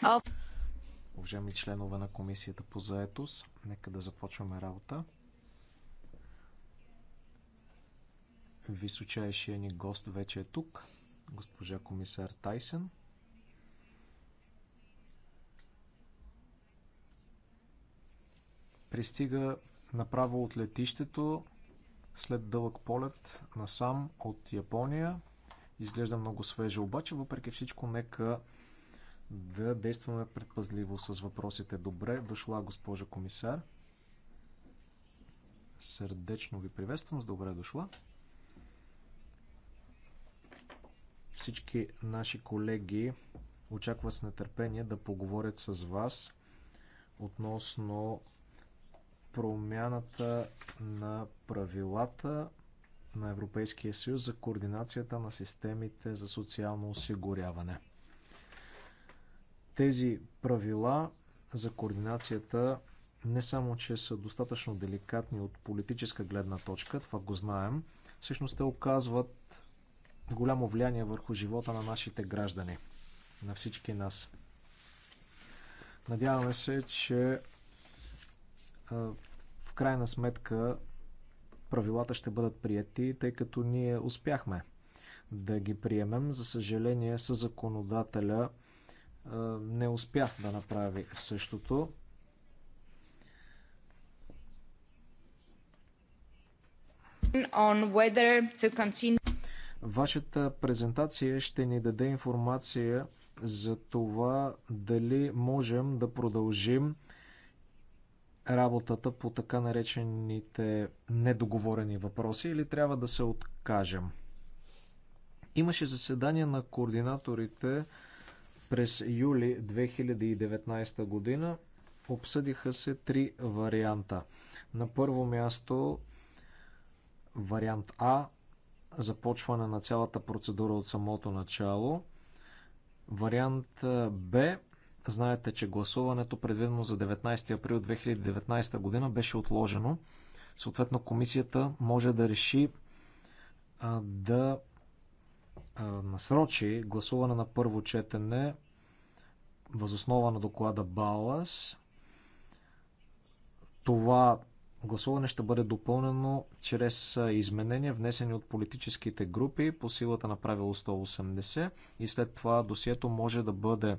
Of... Уважаеми членове на Комисията по заетост, нека да започваме работа. Височайшия ни гост вече е тук, госпожа комисар Тайсен. Пристига направо от летището, след дълъг полет насам от Япония. Изглежда много свежа, обаче въпреки всичко нека да действаме предпазливо с въпросите. Добре, дошла госпожа комисар. Сърдечно ви приветствам с добре дошла. Всички наши колеги очакват с нетърпение да поговорят с вас относно промяната на правилата на Европейския съюз за координацията на системите за социално осигуряване. Тези правила за координацията не само, че са достатъчно деликатни от политическа гледна точка, това го знаем, всъщност те оказват голямо влияние върху живота на нашите граждани, на всички нас. Надяваме се, че в крайна сметка правилата ще бъдат прияти, тъй като ние успяхме да ги приемем. За съжаление, със законодателя не успя да направи същото. Вашата презентация ще ни даде информация за това дали можем да продължим работата по така наречените недоговорени въпроси или трябва да се откажем. Имаше заседание на координаторите през юли 2019 година обсъдиха се три варианта. На първо място вариант А започване на цялата процедура от самото начало. Вариант Б знаете, че гласуването предвидено за 19 април 2019 година беше отложено. Съответно комисията може да реши да насрочи гласуване на първо четене възоснова на доклада БАЛАС. Това гласуване ще бъде допълнено чрез изменения, внесени от политическите групи по силата на правило 180 и след това досието може да бъде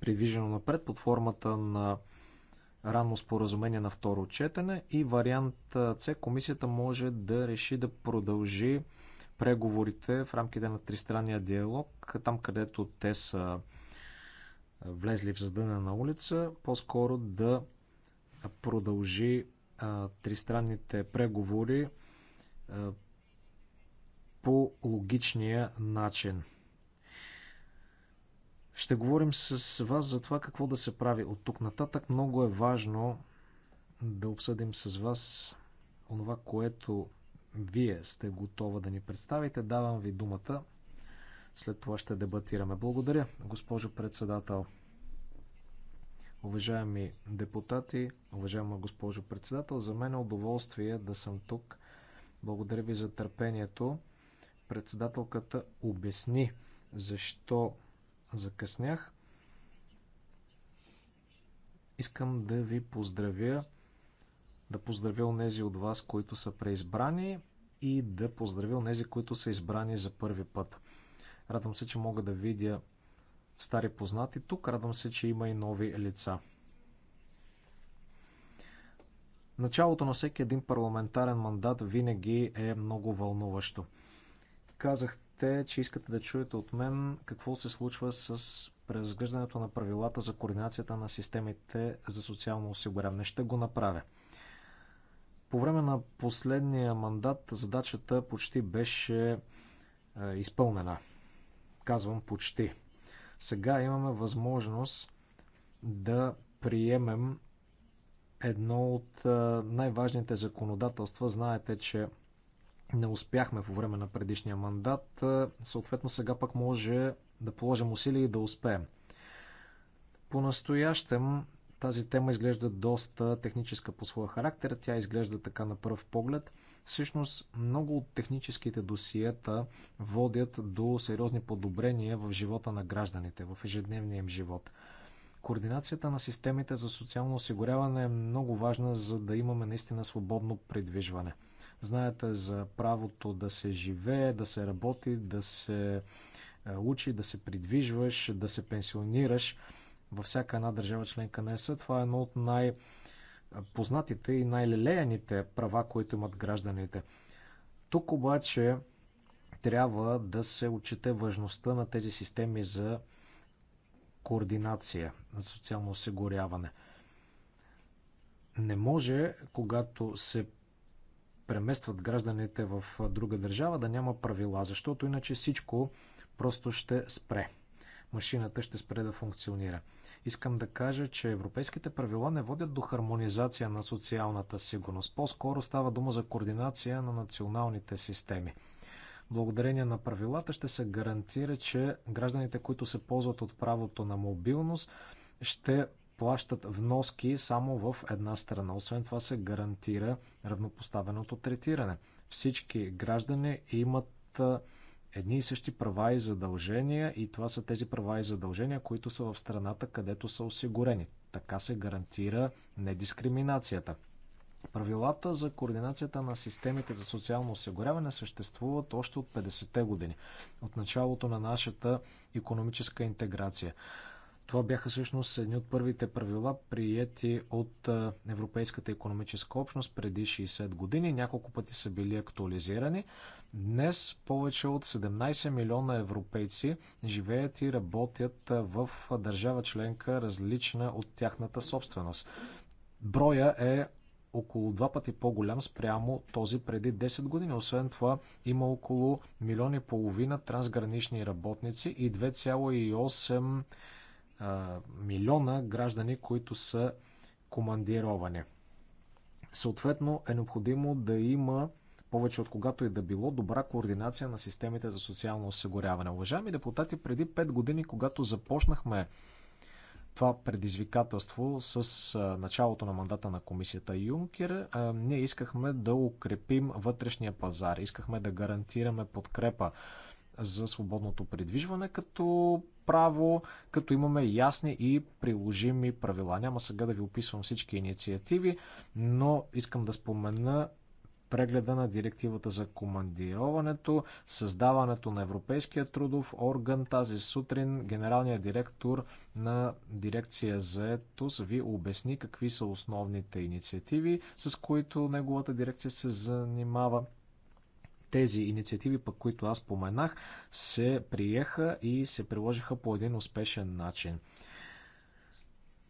привижено напред под формата на ранно споразумение на второ четене и вариант С комисията може да реши да продължи преговорите в рамките на тристранния диалог, там където те са влезли в задъна на улица, по-скоро да продължи тристранните преговори по логичния начин. Ще говорим с вас за това какво да се прави от тук нататък. Много е важно да обсъдим с вас онова, което вие сте готова да ни представите. Давам ви думата. След това ще дебатираме. Благодаря, госпожо председател. Уважаеми депутати, уважаема госпожо председател, за мен е удоволствие да съм тук. Благодаря ви за търпението. Председателката обясни защо закъснях. Искам да ви поздравя да поздравя онези от вас, които са преизбрани и да поздравя нези, които са избрани за първи път. Радвам се, че мога да видя стари познати тук. Радвам се, че има и нови лица. Началото на всеки един парламентарен мандат винаги е много вълнуващо. Казахте, че искате да чуете от мен какво се случва с преразглеждането на правилата за координацията на системите за социално осигуряване. Ще го направя. По време на последния мандат задачата почти беше е, изпълнена. Казвам почти. Сега имаме възможност да приемем едно от е, най-важните законодателства. Знаете, че не успяхме по време на предишния мандат. Е, съответно, сега пък може да положим усилия и да успеем. По-настоящем тази тема изглежда доста техническа по своя характер. Тя изглежда така на пръв поглед. Всъщност, много от техническите досиета водят до сериозни подобрения в живота на гражданите, в ежедневния им живот. Координацията на системите за социално осигуряване е много важна, за да имаме наистина свободно придвижване. Знаете за правото да се живее, да се работи, да се е, учи, да се придвижваш, да се пенсионираш – във всяка една държава членка на ЕС. Това е едно от най- познатите и най-лелеяните права, които имат гражданите. Тук обаче трябва да се отчете важността на тези системи за координация, за социално осигуряване. Не може, когато се преместват гражданите в друга държава, да няма правила, защото иначе всичко просто ще спре. Машината ще спре да функционира. Искам да кажа, че европейските правила не водят до хармонизация на социалната сигурност. По-скоро става дума за координация на националните системи. Благодарение на правилата ще се гарантира, че гражданите, които се ползват от правото на мобилност, ще плащат вноски само в една страна. Освен това се гарантира равнопоставеното третиране. Всички граждани имат едни и същи права и задължения и това са тези права и задължения, които са в страната, където са осигурени. Така се гарантира недискриминацията. Правилата за координацията на системите за социално осигуряване съществуват още от 50-те години, от началото на нашата економическа интеграция. Това бяха всъщност едни от първите правила, приети от Европейската економическа общност преди 60 години. Няколко пъти са били актуализирани. Днес повече от 17 милиона европейци живеят и работят в държава членка, различна от тяхната собственост. Броя е около два пъти по-голям спрямо този преди 10 години. Освен това, има около милиони и половина трансгранични работници и 2,8 милиона граждани, които са командировани. Съответно е необходимо да има повече от когато и да било, добра координация на системите за социално осигуряване. Уважаеми депутати, преди 5 години, когато започнахме това предизвикателство с началото на мандата на комисията Юнкер, ние искахме да укрепим вътрешния пазар, искахме да гарантираме подкрепа за свободното придвижване като право, като имаме ясни и приложими правила. Няма сега да ви описвам всички инициативи, но искам да спомена прегледа на директивата за командироването, създаването на Европейския трудов орган. Тази сутрин генералният директор на дирекция заетост ви обясни какви са основните инициативи, с които неговата дирекция се занимава тези инициативи, пък които аз споменах, се приеха и се приложиха по един успешен начин.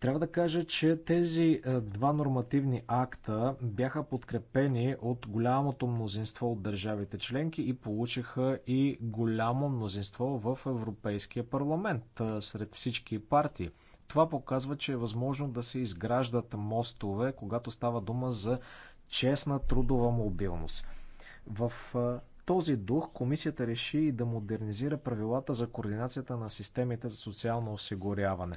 Трябва да кажа, че тези е, два нормативни акта бяха подкрепени от голямото мнозинство от държавите членки и получиха и голямо мнозинство в Европейския парламент е, сред всички партии. Това показва, че е възможно да се изграждат мостове, когато става дума за честна трудова мобилност. В е, този дух комисията реши и да модернизира правилата за координацията на системите за социално осигуряване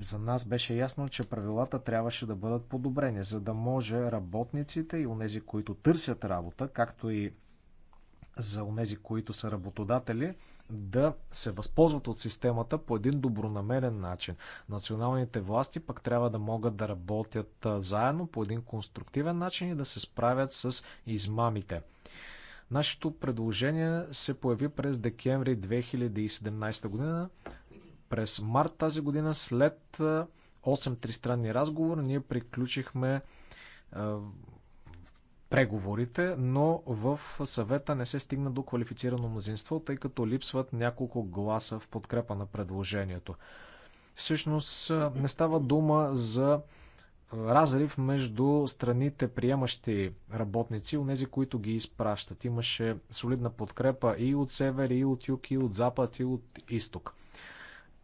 за нас беше ясно, че правилата трябваше да бъдат подобрени, за да може работниците и онези, които търсят работа, както и за онези, които са работодатели, да се възползват от системата по един добронамерен начин. Националните власти пък трябва да могат да работят заедно по един конструктивен начин и да се справят с измамите. Нашето предложение се появи през декември 2017 година. През март тази година, след 8 тристранни разговора, ние приключихме преговорите, но в съвета не се стигна до квалифицирано мнозинство, тъй като липсват няколко гласа в подкрепа на предложението. Всъщност не става дума за разрив между страните приемащи работници и тези, които ги изпращат. Имаше солидна подкрепа и от север, и от юг, и от запад, и от изток.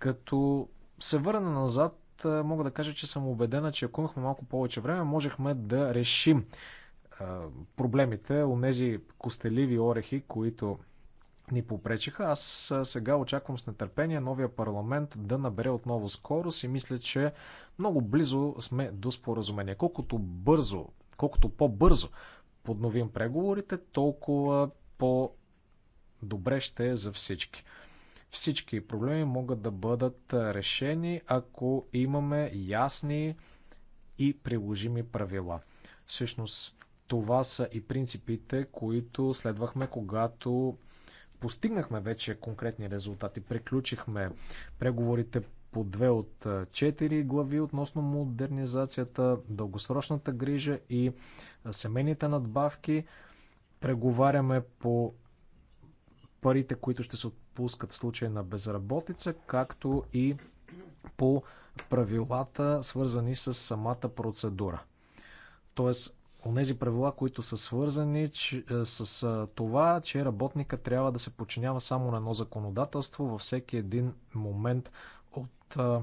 Като се върна назад, мога да кажа, че съм убедена, че ако имахме малко повече време, можехме да решим проблемите, онези костеливи орехи, които ни попречиха. Аз сега очаквам с нетърпение новия парламент да набере отново скорост и мисля, че много близо сме до споразумение. Колкото бързо, колкото по-бързо подновим преговорите, толкова по-добре ще е за всички. Всички проблеми могат да бъдат решени, ако имаме ясни и приложими правила. Всъщност, това са и принципите, които следвахме, когато постигнахме вече конкретни резултати. Приключихме преговорите по две от четири глави относно модернизацията, дългосрочната грижа и семейните надбавки. Преговаряме по парите, които ще се отпускат в случай на безработица, както и по правилата, свързани с самата процедура. Тоест, онези правила, които са свързани че, е, с е, това, че работника трябва да се подчинява само на едно законодателство във всеки един момент от а, е,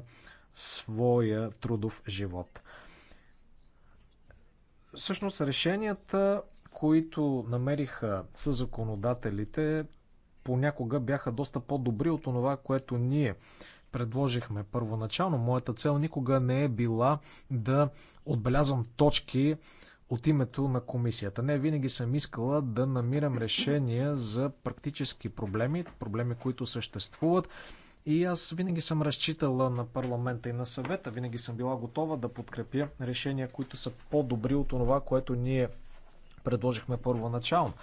своя трудов живот. Всъщност решенията, които намериха със законодателите, понякога бяха доста по-добри от това, което ние предложихме първоначално. Моята цел никога не е била да отбелязвам точки от името на комисията. Не, винаги съм искала да намирам решения за практически проблеми, проблеми, които съществуват. И аз винаги съм разчитала на парламента и на съвета. Винаги съм била готова да подкрепя решения, които са по-добри от това, което ние предложихме първоначално.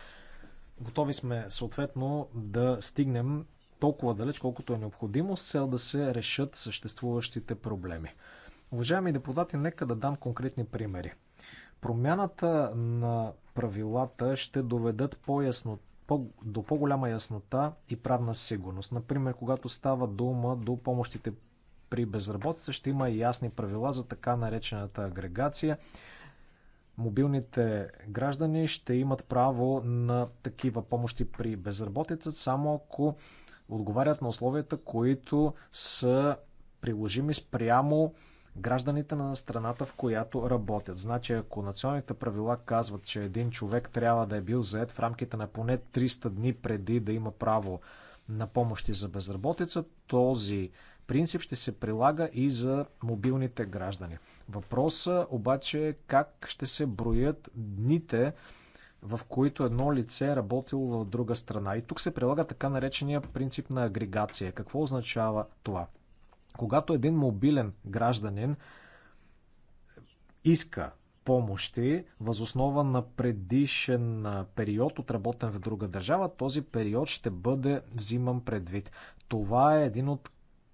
Готови сме съответно да стигнем толкова далеч, колкото е необходимо, с цел да се решат съществуващите проблеми. Уважаеми депутати, нека да дам конкретни примери. Промяната на правилата ще доведат по-ясно, по, до по-голяма яснота и правна сигурност. Например, когато става дума до помощите при безработица, ще има и ясни правила за така наречената агрегация мобилните граждани ще имат право на такива помощи при безработица, само ако отговарят на условията, които са приложими спрямо гражданите на страната, в която работят. Значи, ако националните правила казват, че един човек трябва да е бил заед в рамките на поне 300 дни преди да има право на помощи за безработица. Този принцип ще се прилага и за мобилните граждани. Въпроса, обаче е как ще се броят дните, в които едно лице е работило в друга страна. И тук се прилага така наречения принцип на агрегация. Какво означава това? Когато един мобилен гражданин иска помощи възоснова на предишен период, отработен в друга държава, този период ще бъде взиман предвид. Това е един от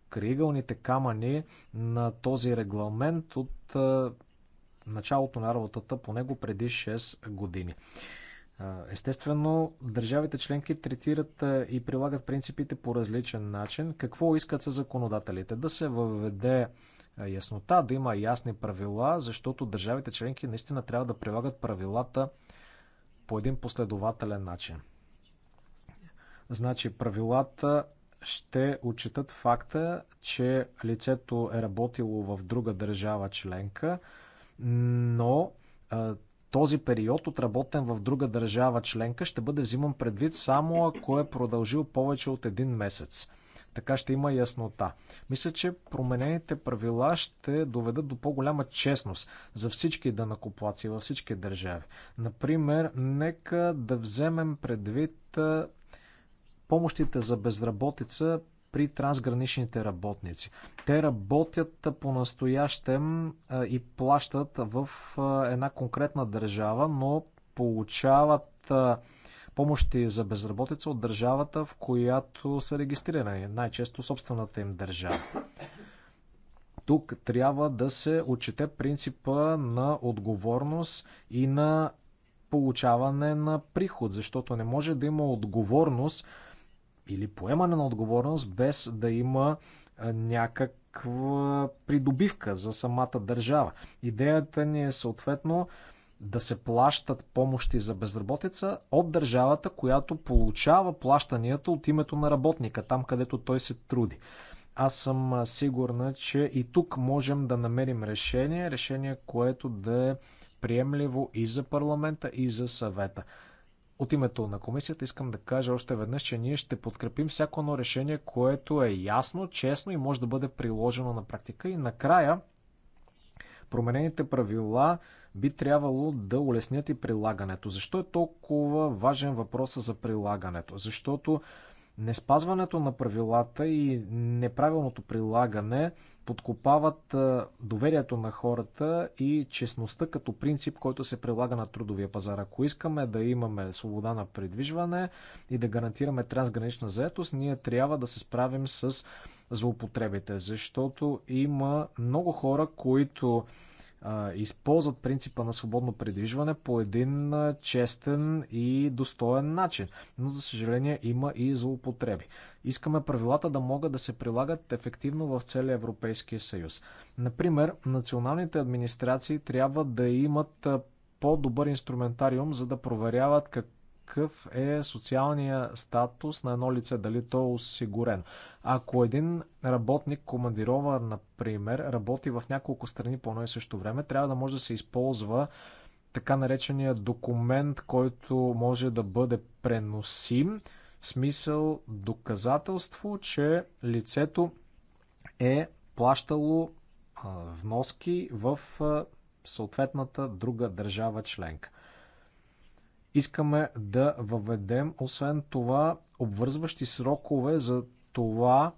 кригълните камъни на този регламент от началото на работата по него преди 6 години. Естествено, държавите членки третират и прилагат принципите по различен начин. Какво искат са законодателите? Да се въведе е, яснота, да има ясни правила, защото държавите членки наистина трябва да прилагат правилата по един последователен начин. Значи правилата ще отчитат факта, че лицето е работило в друга държава членка, но е, този период, отработен в друга държава членка, ще бъде взиман предвид само ако е продължил повече от един месец. Така ще има яснота. Мисля, че променените правила ще доведат до по-голяма честност за всички дънакоплаци във всички държави. Например, нека да вземем предвид помощите за безработица при трансграничните работници. Те работят по-настоящем и плащат в една конкретна държава, но получават помощи за безработица от държавата, в която са регистрирани, най-често собствената им държава. Тук трябва да се отчете принципа на отговорност и на получаване на приход, защото не може да има отговорност или поемане на отговорност без да има някаква придобивка за самата държава. Идеята ни е съответно да се плащат помощи за безработица от държавата, която получава плащанията от името на работника, там където той се труди. Аз съм сигурна, че и тук можем да намерим решение, решение, което да е приемливо и за парламента, и за съвета. От името на комисията искам да кажа още веднъж, че ние ще подкрепим всяко едно решение, което е ясно, честно и може да бъде приложено на практика. И накрая Променените правила би трябвало да улеснят и прилагането. Защо е толкова важен въпрос за прилагането? Защото неспазването на правилата и неправилното прилагане подкопават доверието на хората и честността като принцип, който се прилага на трудовия пазар. Ако искаме да имаме свобода на придвижване и да гарантираме трансгранична заетост, ние трябва да се справим с злоупотребите, защото има много хора, които а, използват принципа на свободно придвижване по един честен и достоен начин. Но, за съжаление, има и злоупотреби. Искаме правилата да могат да се прилагат ефективно в целия Европейския съюз. Например, националните администрации трябва да имат по-добър инструментариум, за да проверяват как какъв е социалния статус на едно лице, дали то е осигурен. Ако един работник, командирова, например, работи в няколко страни по едно и също време, трябва да може да се използва така наречения документ, който може да бъде преносим, в смисъл доказателство, че лицето е плащало вноски в съответната друга държава членка. Искаме да въведем, освен това, обвързващи срокове за това,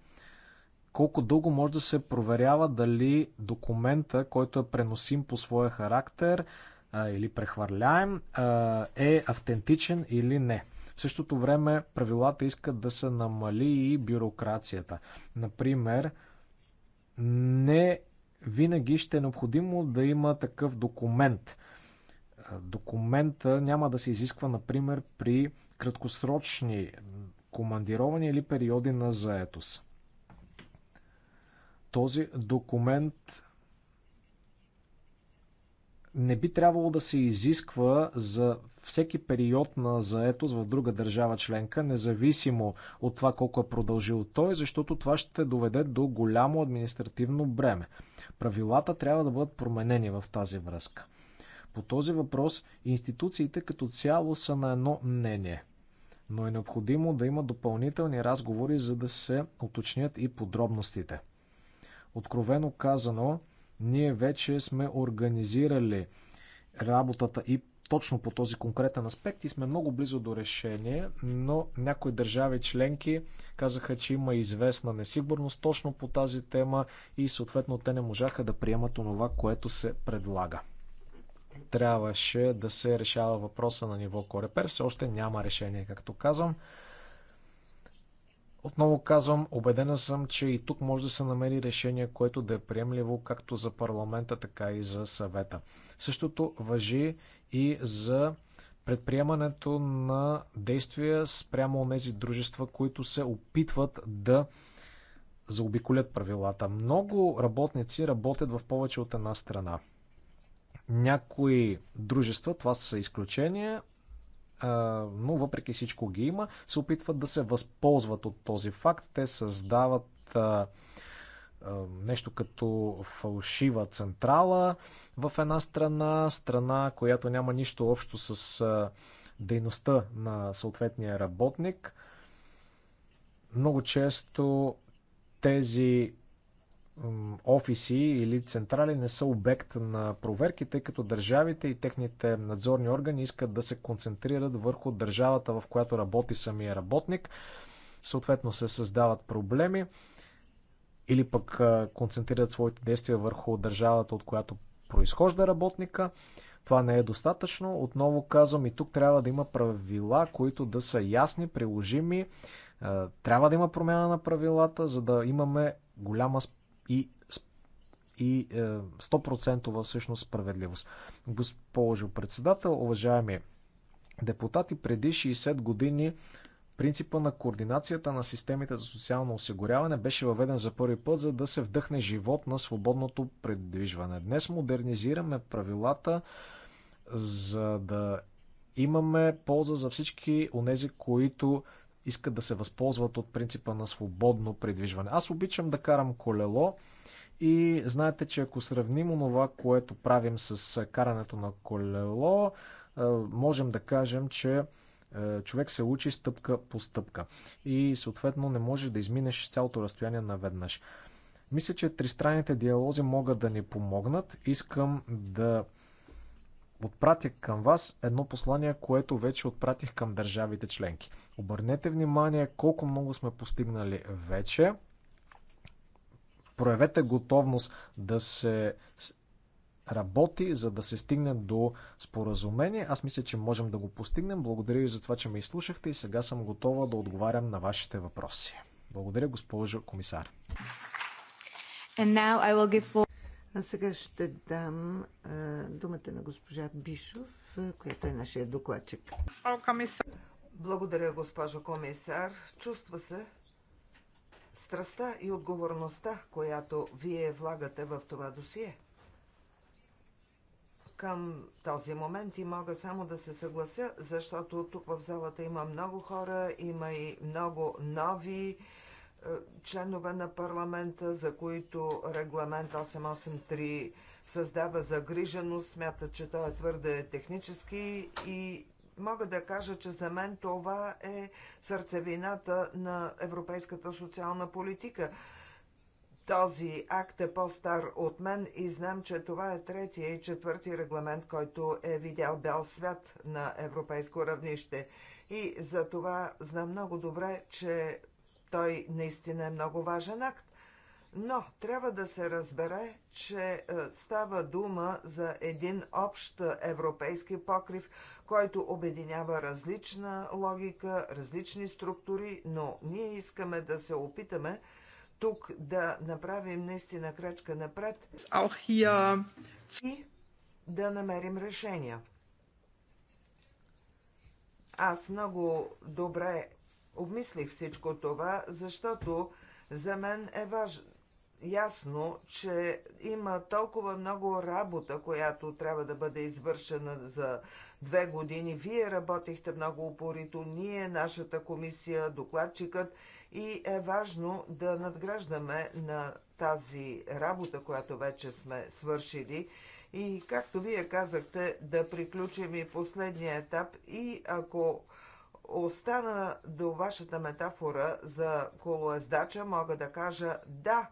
колко дълго може да се проверява дали документа, който е преносим по своя характер а, или прехвърляем, а, е автентичен или не. В същото време правилата искат да се намали и бюрокрацията. Например, не винаги ще е необходимо да има такъв документ документа няма да се изисква, например, при краткосрочни командирования или периоди на заетост. Този документ не би трябвало да се изисква за всеки период на заетост в друга държава членка, независимо от това колко е продължил той, защото това ще доведе до голямо административно бреме. Правилата трябва да бъдат променени в тази връзка. По този въпрос институциите като цяло са на едно мнение, но е необходимо да има допълнителни разговори, за да се уточнят и подробностите. Откровено казано, ние вече сме организирали работата и точно по този конкретен аспект и сме много близо до решение, но някои държави членки казаха, че има известна несигурност точно по тази тема и съответно те не можаха да приемат онова, което се предлага трябваше да се решава въпроса на ниво Корепер. Все още няма решение, както казвам. Отново казвам, убедена съм, че и тук може да се намери решение, което да е приемливо както за парламента, така и за съвета. Същото въжи и за предприемането на действия спрямо тези дружества, които се опитват да заобиколят правилата. Много работници работят в повече от една страна. Някои дружества, това са изключения, но въпреки всичко ги има, се опитват да се възползват от този факт. Те създават нещо като фалшива централа в една страна, страна, която няма нищо общо с дейността на съответния работник. Много често тези офиси или централи не са обект на проверки, тъй като държавите и техните надзорни органи искат да се концентрират върху държавата, в която работи самия работник. Съответно се създават проблеми или пък концентрират своите действия върху държавата, от която произхожда работника. Това не е достатъчно. Отново казвам и тук трябва да има правила, които да са ясни, приложими. Трябва да има промяна на правилата, за да имаме голяма и, и 100% е, всъщност справедливост. Госпожо председател, уважаеми депутати, преди 60 години Принципа на координацията на системите за социално осигуряване беше въведен за първи път, за да се вдъхне живот на свободното предвижване. Днес модернизираме правилата, за да имаме полза за всички онези, които искат да се възползват от принципа на свободно придвижване. Аз обичам да карам колело и знаете, че ако сравним онова, което правим с карането на колело, можем да кажем, че човек се учи стъпка по стъпка и съответно не може да изминеш цялото разстояние наведнъж. Мисля, че тристранните диалози могат да ни помогнат. Искам да Отпратя към вас едно послание, което вече отпратих към държавите членки. Обърнете внимание колко много сме постигнали вече. Проявете готовност да се работи, за да се стигне до споразумение. Аз мисля, че можем да го постигнем. Благодаря ви за това, че ме изслушахте и сега съм готова да отговарям на вашите въпроси. Благодаря, госпожо комисар. And now I will give а сега ще дам а, думата на госпожа Бишов, която е нашия докладчик. Благодаря, госпожо комисар. Чувства се страста и отговорността, която вие влагате в това досие. Към този момент и мога само да се съглася, защото тук в залата има много хора, има и много нови членове на парламента, за които регламент 883 създава загриженост, смятат, че той е твърде технически и мога да кажа, че за мен това е сърцевината на европейската социална политика. Този акт е по-стар от мен и знам, че това е третия и четвърти регламент, който е видял бял свят на европейско равнище. И за това знам много добре, че той наистина е много важен акт. Но трябва да се разбере, че е, става дума за един общ европейски покрив, който обединява различна логика, различни структури, но ние искаме да се опитаме тук да направим наистина крачка напред и да намерим решения. Аз много добре Обмислих всичко това, защото за мен е важно ясно, че има толкова много работа, която трябва да бъде извършена за две години. Вие работихте много упорито, ние, нашата комисия, докладчикът и е важно да надграждаме на тази работа, която вече сме свършили. И както вие казахте, да приключим и последния етап и ако остана до вашата метафора за колоездача, мога да кажа да,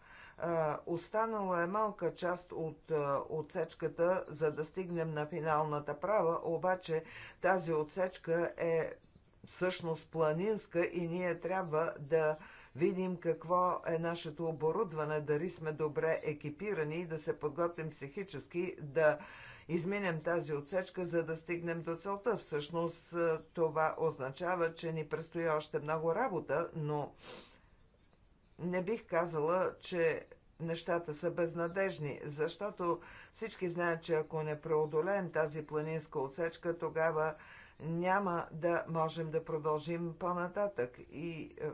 останала е малка част от отсечката, за да стигнем на финалната права, обаче тази отсечка е всъщност планинска и ние трябва да видим какво е нашето оборудване, дали сме добре екипирани и да се подготвим психически да изминем тази отсечка, за да стигнем до целта. Всъщност е, това означава, че ни предстои още много работа, но не бих казала, че нещата са безнадежни, защото всички знаят, че ако не преодолеем тази планинска отсечка, тогава няма да можем да продължим по-нататък. И е,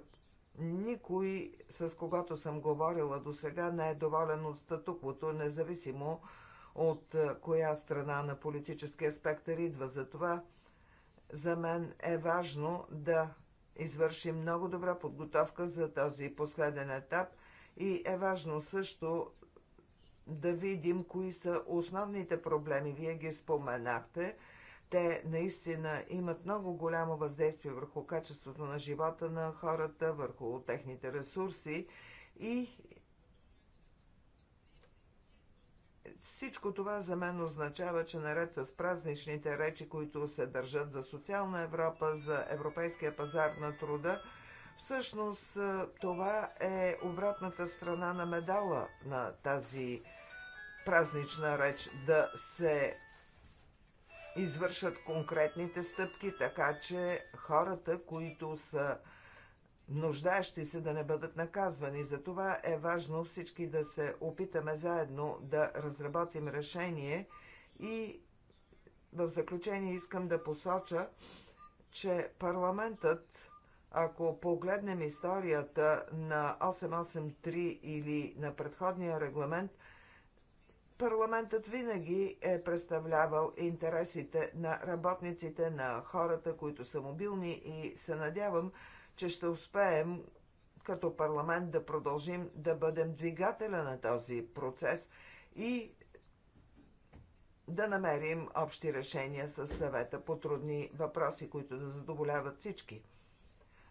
никой, с когото съм говорила до сега, не е доволен от статуквото, независимо от е, коя страна на политическия спектър идва. Затова за мен е важно да извършим много добра подготовка за този последен етап и е важно също да видим кои са основните проблеми. Вие ги споменахте. Те наистина имат много голямо въздействие върху качеството на живота на хората, върху техните ресурси и всичко това за мен означава, че наред с празничните речи, които се държат за социална Европа, за европейския пазар на труда, всъщност това е обратната страна на медала на тази празнична реч, да се извършат конкретните стъпки, така че хората, които са нуждаещи се да не бъдат наказвани. Затова е важно всички да се опитаме заедно да разработим решение и в заключение искам да посоча, че парламентът, ако погледнем историята на 883 или на предходния регламент, парламентът винаги е представлявал интересите на работниците, на хората, които са мобилни и се надявам, че ще успеем като парламент да продължим да бъдем двигателя на този процес и да намерим общи решения с съвета по трудни въпроси, които да задоволяват всички.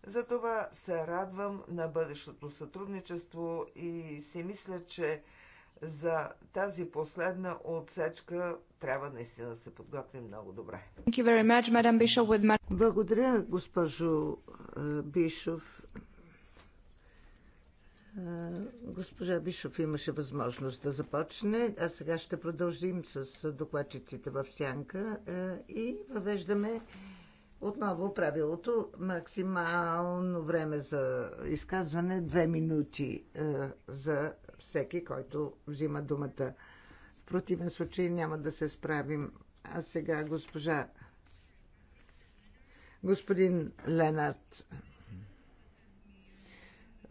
Затова се радвам на бъдещото сътрудничество и си мисля, че за тази последна отсечка трябва наистина да се подготвим много добре. Благодаря, госпожо Бишов. Госпожа Бишов имаше възможност да започне, а сега ще продължим с докладчиците в сянка и въвеждаме отново правилото максимално време за изказване, две минути за всеки, който взима думата. В противен случай няма да се справим. А сега госпожа господин Ленард.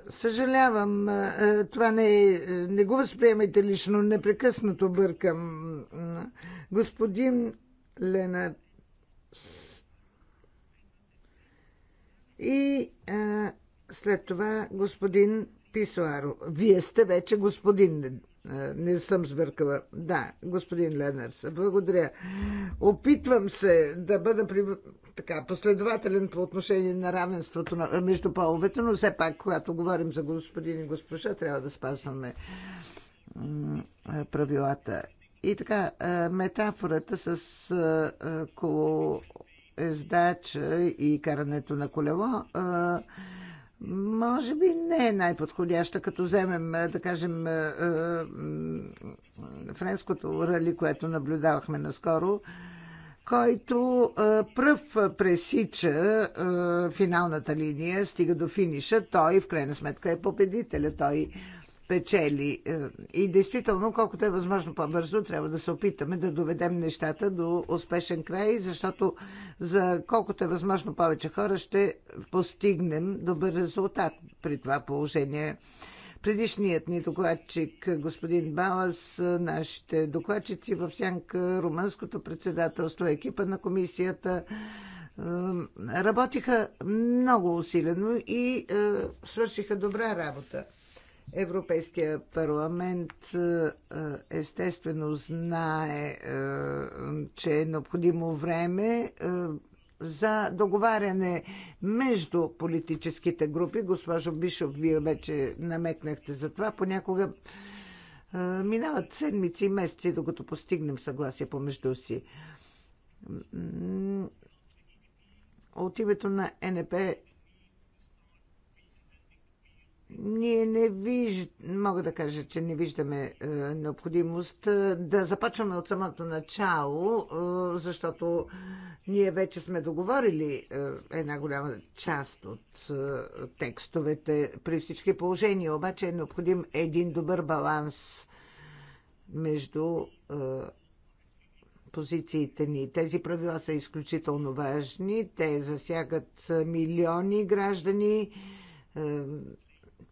Съжалявам, това не, не го възприемайте лично, непрекъснато бъркам. Господин Ленард и а, след това господин Писуаро. Вие сте вече господин не съм сбъркала. Да, господин Ленърс, благодаря. Опитвам се да бъда при, така, последователен по отношение на равенството на, между половете, но все пак, когато говорим за господин и госпожа, трябва да спазваме правилата. И така, метафората с колоездача и карането на колело може би не е най-подходяща, като вземем, е, да кажем, е, е, френското рали, което наблюдавахме наскоро, който пръв пресича финалната линия, стига до финиша, той в крайна сметка е победителя. Той печели. Е, и действително, колкото е възможно по-бързо, трябва да се опитаме да доведем нещата до успешен край, защото за колкото е възможно повече хора ще постигнем добър резултат при това положение. Предишният ни докладчик, господин Балас, нашите докладчици в Сянка, румънското председателство, екипа на комисията, е, работиха много усилено и е, свършиха добра работа. Европейския парламент е, естествено знае, е, че е необходимо време е, за договаряне между политическите групи. Госпожо Бишов, вие вече намекнахте за това. Понякога минават седмици и месеци, докато постигнем съгласие помежду си. От името на НП ние не виждаме, мога да кажа, че не виждаме е, необходимост е, да започваме от самото начало, е, защото ние вече сме договорили е, една голяма част от е, текстовете при всички положения, обаче е необходим един добър баланс между е, позициите ни. Тези правила са изключително важни. Те засягат е, милиони граждани е,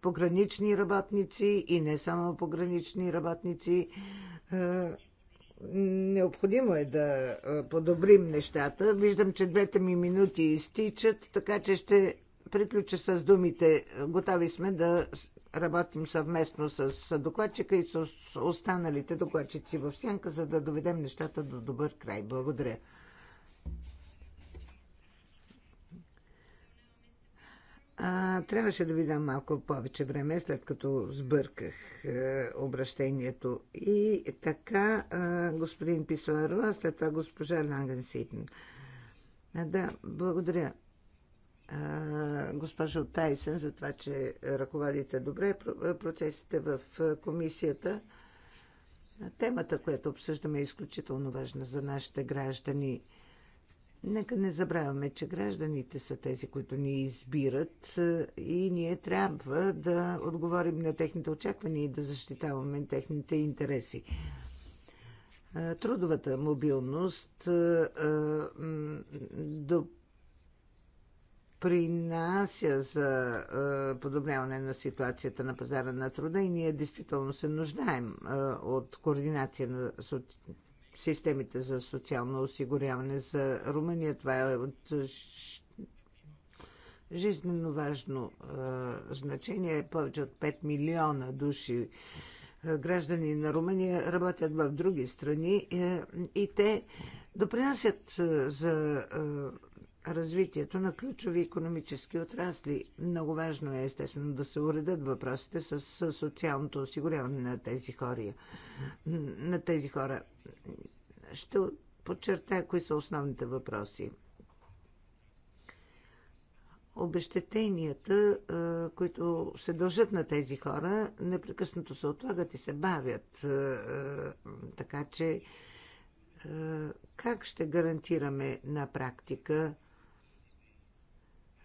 погранични работници и не само погранични работници. Е, необходимо е да е, подобрим нещата. Виждам, че двете ми минути изтичат, така че ще приключа с думите. Готови сме да работим съвместно с докладчика и с останалите докладчици в сянка, за да доведем нещата до добър край. Благодаря. А, трябваше да ви дам малко повече време, след като сбърках е, обращението. И така, е, господин Писуаро, а след това госпожа А, Да, благодаря, е, госпожо Тайсен, за това, че ръководите добре е, процесите в е, комисията. Темата, която обсъждаме, е изключително важна за нашите граждани – Нека не забравяме, че гражданите са тези, които ни избират е, и ние трябва да отговорим на техните очаквания и да защитаваме техните интереси. Е, трудовата мобилност е, до принася за е, подобряване на ситуацията на пазара на труда и ние действително се нуждаем е, от координация на системите за социално осигуряване за Румъния. Това е от жизненно важно значение. Повече от 5 милиона души граждани на Румъния работят в други страни е, и те допринасят за развитието на ключови економически отрасли. Много важно е, естествено, да се уредят въпросите с социалното осигуряване на тези хора. На тези хора. Ще подчертая кои са основните въпроси. Обещетенията, които се дължат на тези хора, непрекъснато се отлагат и се бавят. Така че как ще гарантираме на практика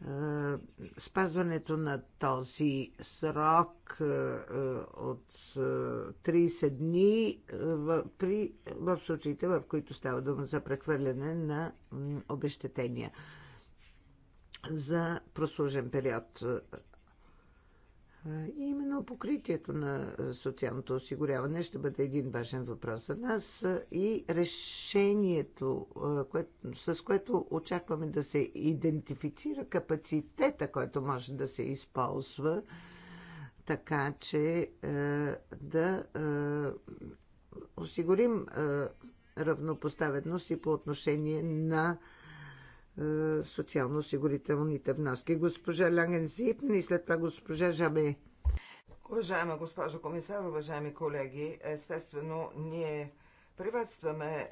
е, спазването на този срок е, е, от 30 дни в, при, в случаите, в които става дума за прехвърляне на обещетения за прослужен период и именно покритието на социалното осигуряване ще бъде един важен въпрос за нас и решението, с което очакваме да се идентифицира капацитета, който може да се използва, така че да осигурим равнопоставеност и по отношение на е, социално-осигурителните вноски. Госпожа ланген и след това госпожа Жабе. Уважаема госпожа комисар, уважаеми колеги, естествено ние приветстваме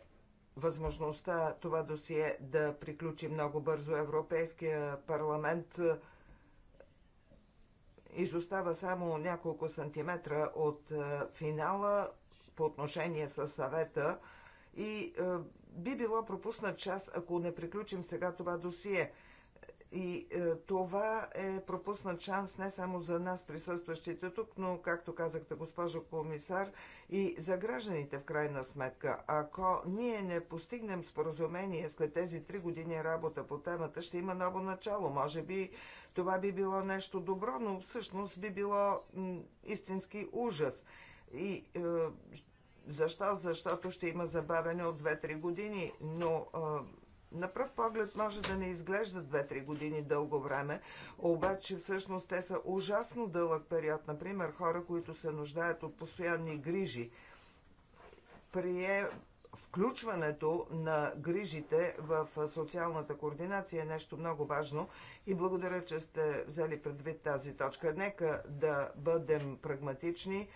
възможността това досие да приключи много бързо. Европейския парламент изостава само няколко сантиметра от е, финала по отношение с съвета и е, би било пропуснат час, ако не приключим сега това досие. И е, това е пропуснат шанс не само за нас, присъстващите тук, но, както казахте, госпожо комисар, и за гражданите в крайна сметка. Ако ние не постигнем споразумение след тези три години работа по темата, ще има ново начало. Може би това би било нещо добро, но всъщност би било истински ужас. И е, защо? Защото ще има забавяне от 2-3 години, но на пръв поглед може да не изглежда 2-3 години дълго време, обаче всъщност те са ужасно дълъг период. Например, хора, които се нуждаят от постоянни грижи. Прие включването на грижите в социалната координация е нещо много важно и благодаря, че сте взели предвид тази точка. Нека да бъдем прагматични,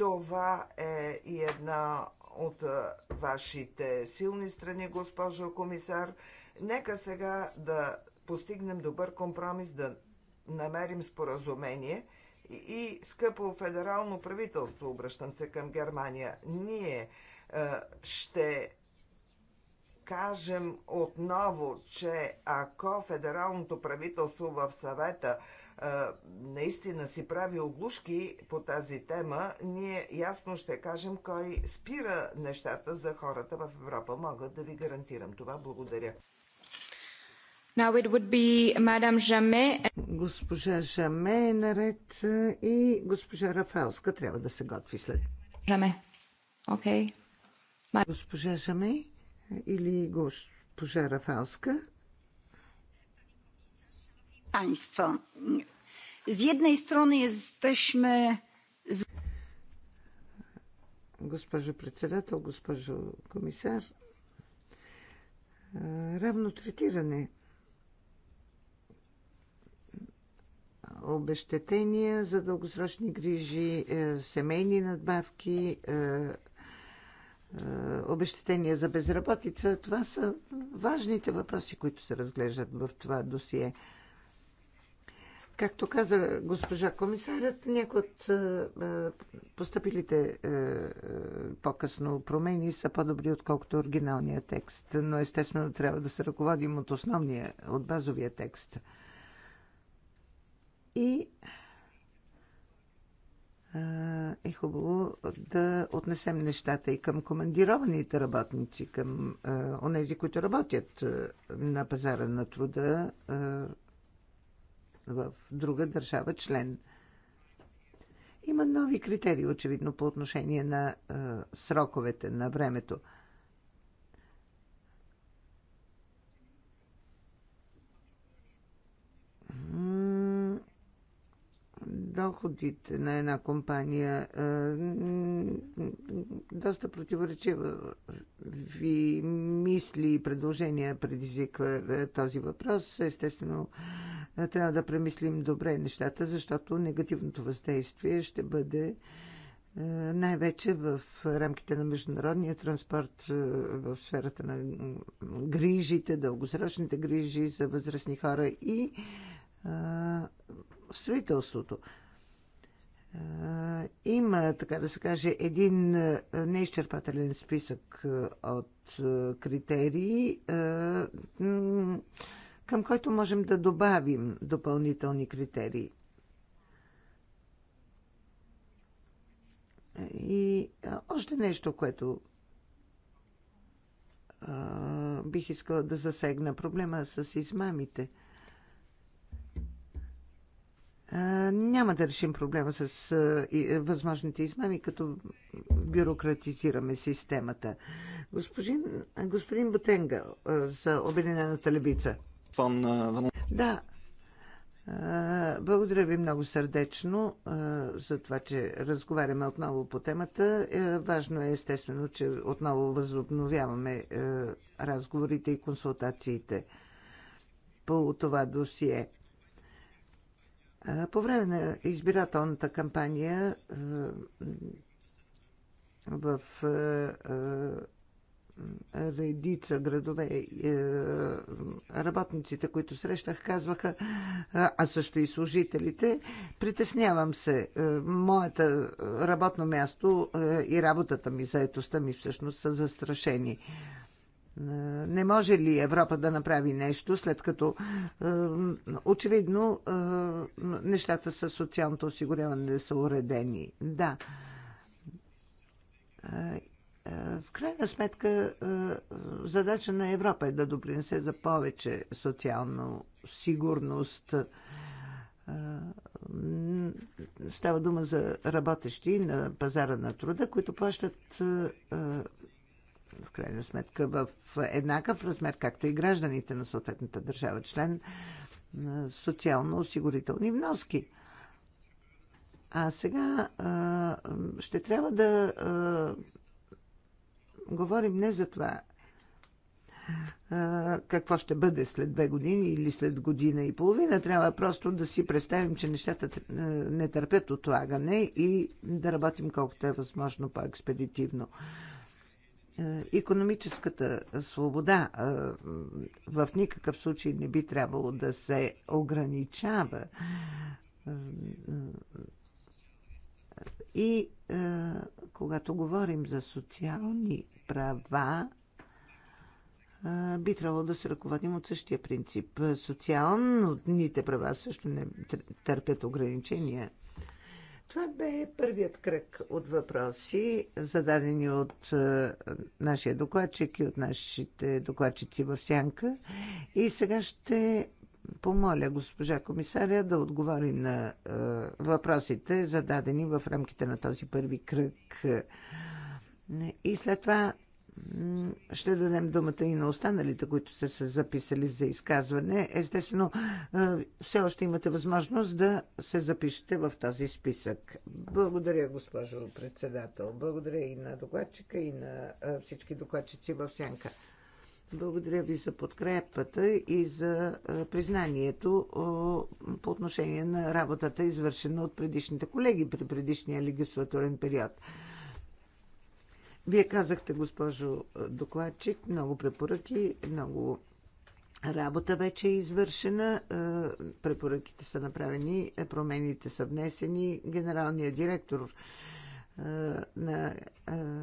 това е и една от вашите силни страни, госпожо комисар. Нека сега да постигнем добър компромис, да намерим споразумение – и скъпо федерално правителство, обръщам се към Германия, ние е, ще кажем отново, че ако федералното правителство в съвета наистина си прави оглушки по тази тема, ние ясно ще кажем кой спира нещата за хората в Европа. Мога да ви гарантирам това. Благодаря. Now it would be Madame Jame. Госпожа Жаме е наред и госпожа Рафалска трябва да се готви след. Жаме. Окей. Okay. Госпожа Жаме или госпожа Рафалска? państwo. Z jednej strony jesteśmy. Госпожо председател, госпожо комисар, равно третиране, обещетения за дългосрочни грижи, е, семейни надбавки, е, е, обещетения за безработица. Това са важните въпроси, които се разглеждат в това досие. Както каза госпожа комисарят, някои от е, е, постъпилите е, по-късно промени са по-добри, отколкото оригиналния текст. Но естествено трябва да се ръководим от основния, от базовия текст. И е хубаво да отнесем нещата и към командированите работници, към онези, които работят на пазара на труда в друга държава член. Има нови критерии, очевидно, по отношение на е, сроковете, на времето. доходите на една компания. Е, доста противоречива ви мисли и предложения предизвиква е, този въпрос. Естествено, е, трябва да премислим добре нещата, защото негативното въздействие ще бъде най-вече в рамките на международния транспорт, в сферата на грижите, дългосрочните грижи за възрастни хора и строителството. Има, така да се каже, един неизчерпателен списък от критерии, към който можем да добавим допълнителни критерии. И още нещо, което бих искала да засегна проблема с измамите – няма да решим проблема с е, възможните измами, като бюрократизираме системата. Господин, господин Бутенга за Обединената левица. Да. Благодаря ви много сърдечно за това, че разговаряме отново по темата. Е, важно е естествено, че отново възобновяваме е, разговорите и консултациите по това досие. По време на избирателната кампания в редица градове работниците, които срещах, казваха, а също и служителите, притеснявам се. Моята работно място и работата ми, заетостта ми всъщност са застрашени. Е, не може ли Европа да направи нещо, след като е, очевидно е, нещата с социалното осигуряване са уредени? Да. В крайна сметка, задача на Европа е да допринесе за повече социална сигурност. Става дума за работещи на пазара на труда, които плащат в крайна сметка в еднакъв размер, както и гражданите на съответната държава член, социално-осигурителни вноски. А сега ще трябва да говорим не за това какво ще бъде след две години или след година и половина. Трябва просто да си представим, че нещата не търпят отлагане и да работим колкото е възможно по-експедитивно. Е, економическата свобода е, в никакъв случай не би трябвало да се ограничава. Е, и когато говорим за социални права, би трябвало да се ръководим от същия принцип. Социалните права също не търпят ограничения. Това бе първият кръг от въпроси, зададени от е, нашия докладчик и от нашите докладчици в Сянка. И сега ще помоля госпожа комисаря да отговори на е, въпросите, зададени в рамките на този първи кръг. И след това ще дадем думата и на останалите, които са се записали за изказване. Естествено, все още имате възможност да се запишете в този списък. Благодаря, госпожо председател. Благодаря и на докладчика, и на всички докладчици в Сянка. Благодаря ви за подкрепата и за признанието по отношение на работата, извършена от предишните колеги при предишния легислатурен период. Вие казахте, госпожо е, докладчик, много препоръки, много работа вече е извършена. Е, препоръките са направени, е, промените са внесени. Генералният директор на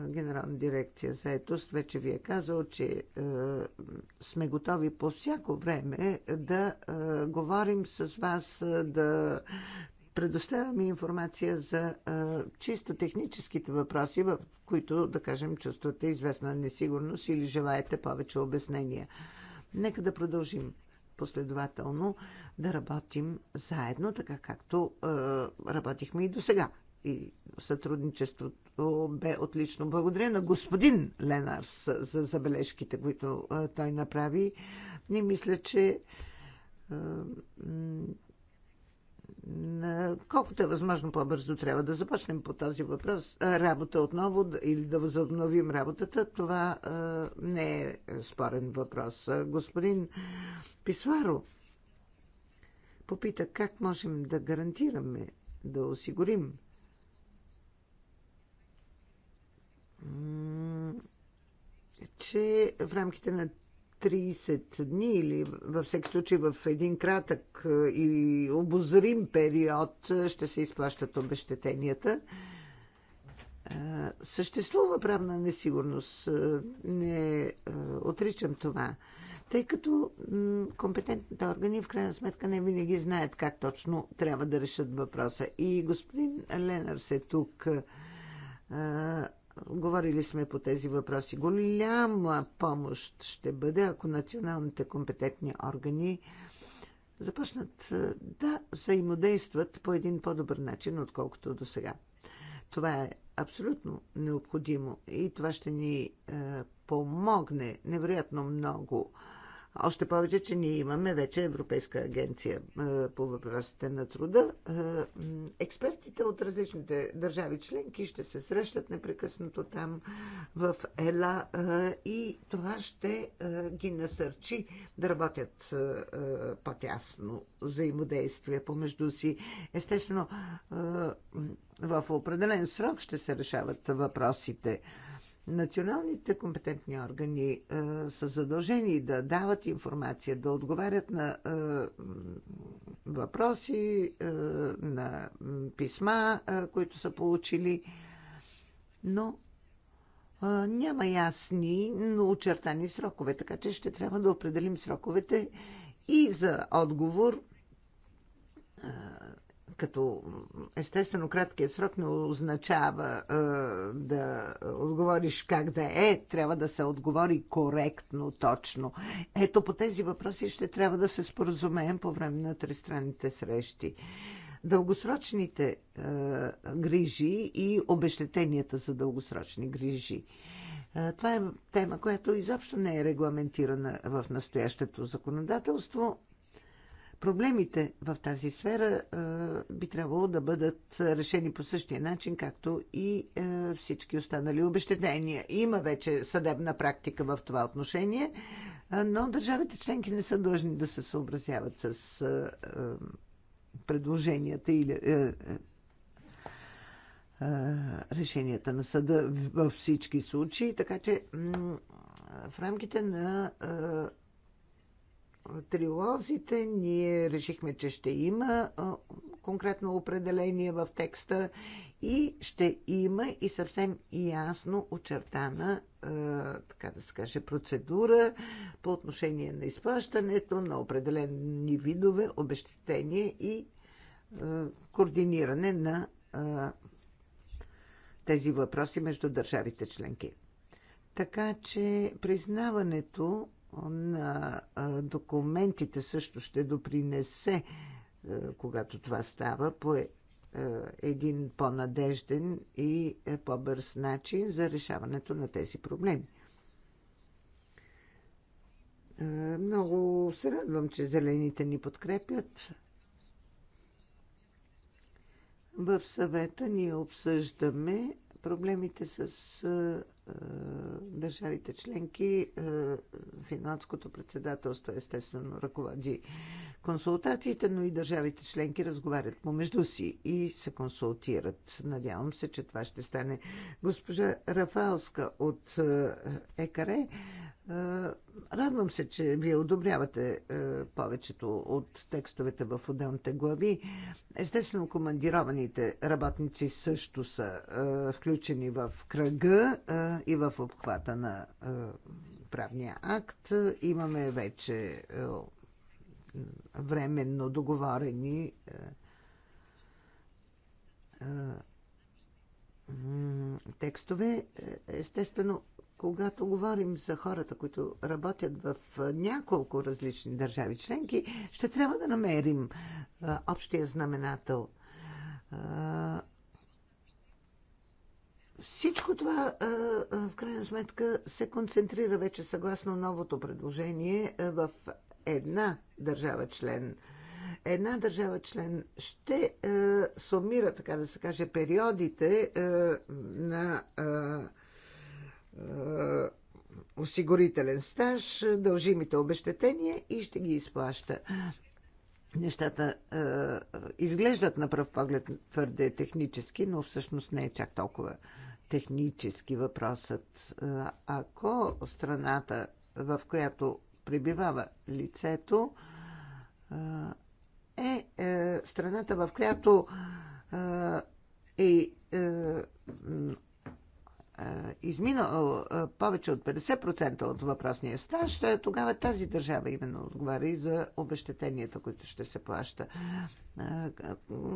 Генерална дирекция за етост вече ви е казал, че сме готови по всяко време да говорим с вас, да предоставяме информация за а, чисто техническите въпроси, в които, да кажем, чувствате известна несигурност или желаете повече обяснения. Нека да продължим последователно да работим заедно, така както а, работихме и до сега. И сътрудничеството бе отлично. Благодаря на господин Ленарс за забележките, които а, той направи. Не мисля, че колкото е възможно по-бързо трябва да започнем по този въпрос работа отново или да възобновим работата, това не е спорен въпрос. Господин Писваро попита как можем да гарантираме, да осигурим че в рамките на 30 дни или във всеки случай в един кратък е, и обозрим период е, ще се изплащат обещетенията. Е, съществува правна несигурност. Не отричам това. Тъй като компетентните органи в крайна сметка не винаги знаят как точно трябва да решат въпроса. И господин Ленър се тук Говорили сме по тези въпроси. Голяма помощ ще бъде, ако националните компетентни органи започнат е, да взаимодействат по един по-добър начин, отколкото до сега. Това е абсолютно необходимо и това ще ни е, помогне невероятно много. Още повече, че ние имаме вече Европейска агенция по въпросите на труда. Експертите от различните държави членки ще се срещат непрекъснато там в ЕЛА и това ще ги насърчи да работят по-тясно взаимодействие помежду си. Естествено, в определен срок ще се решават въпросите. Националните компетентни органи а, е, са задължени да дават информация, да отговарят на а, е, въпроси, а, е, на писма, а, които са получили, но а, няма ясни, но очертани срокове, така че ще трябва да определим сроковете и за отговор. А, като естествено краткият срок не означава е, да отговориш как да е, трябва да се отговори коректно, точно. Ето по тези въпроси ще трябва да се споразумеем по време на тристранните срещи. Дългосрочните е, грижи и обещетенията за дългосрочни грижи. Е, това е тема, която изобщо не е регламентирана в настоящето законодателство проблемите в тази сфера би трябвало да бъдат решени по същия начин, както и всички останали обещетения. Има вече съдебна практика в това отношение, но държавите членки не са длъжни да се съобразяват с предложенията или решенията на съда във всички случаи, така че в рамките на трилозите. Ние решихме, че ще има конкретно определение в текста и ще има и съвсем ясно очертана, така да се каже, процедура по отношение на изплащането на определени видове обещетение и координиране на тези въпроси между държавите членки. Така че признаването на документите също ще допринесе, когато това става, по е, един по-надежден и е, по-бърз начин за решаването на тези проблеми. Много се радвам, че зелените ни подкрепят. В съвета ние обсъждаме проблемите с държавите членки. Е, финландското председателство естествено ръководи консултациите, но и държавите членки разговарят помежду си и се консултират. Надявам се, че това ще стане. Госпожа Рафалска от е, ЕКАРЕ е, радвам се, че вие одобрявате е, повечето от текстовете в отделните глави. Естествено, командированите работници също са е, включени в кръга и в обхвата на правния акт. Имаме вече временно договорени текстове. Естествено, когато говорим за хората, които работят в няколко различни държави членки, ще трябва да намерим а, общия знаменател. А, всичко това, а, в крайна сметка, се концентрира вече съгласно новото предложение в една държава член една държава член ще сумира, така да се каже, периодите на е, осигурителен стаж, дължимите обещетения и ще ги изплаща. Нещата е, е, изглеждат на пръв поглед твърде технически, но всъщност не е чак толкова технически въпросът. Е, ако страната, в която пребивава лицето, е, е страната, в която е, е изминал повече от 50% от въпросния стаж, тогава тази държава именно отговаря и за обещетенията, които ще се плаща.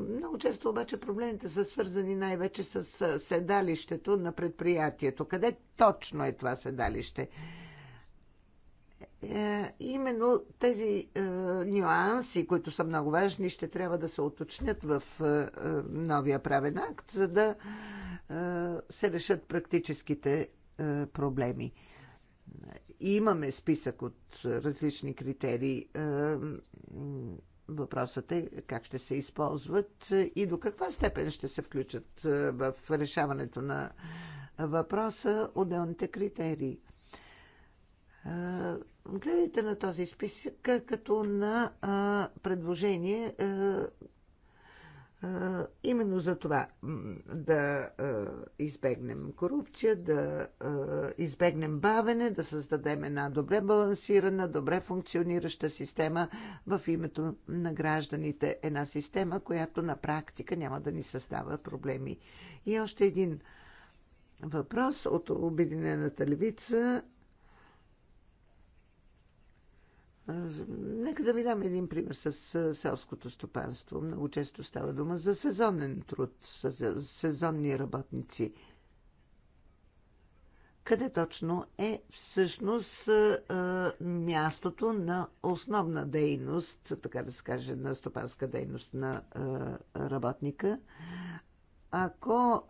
Много често обаче проблемите са свързани най-вече с седалището на предприятието. Къде точно е това седалище? Е, именно тези е, нюанси, които са много важни, ще трябва да се уточнят в е, новия правен акт, за да се решат практическите проблеми. Имаме списък от различни критерии. Въпросът е как ще се използват и до каква степен ще се включат в решаването на въпроса отделните критерии. Гледайте на този списък като на предложение именно за това да избегнем корупция, да избегнем бавене, да създадем една добре балансирана, добре функционираща система в името на гражданите. Една система, която на практика няма да ни създава проблеми. И още един въпрос от Обединената левица Нека да ви дам един пример с селското стопанство. Много често става дума за сезонен труд, сезонни работници. Къде точно е всъщност мястото на основна дейност, така да се каже, на стопанска дейност на работника? Ако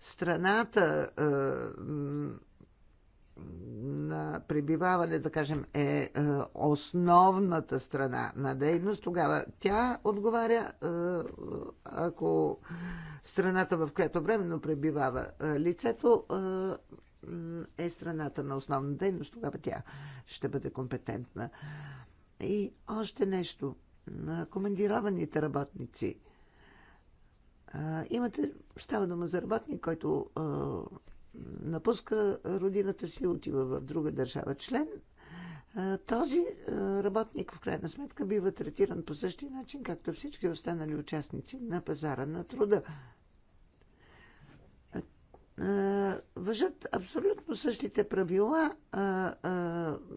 страната пребиваване, да кажем, е, е основната страна на дейност, тогава тя отговаря, е, ако страната, в която временно пребивава е, лицето, е страната на основна дейност, тогава тя ще бъде компетентна. И още нещо. Командированите работници. Имате, става дума за работник, който напуска родината си, отива в друга държава член, този работник в крайна сметка бива третиран по същия начин, както всички останали участници на пазара на труда въжат абсолютно същите правила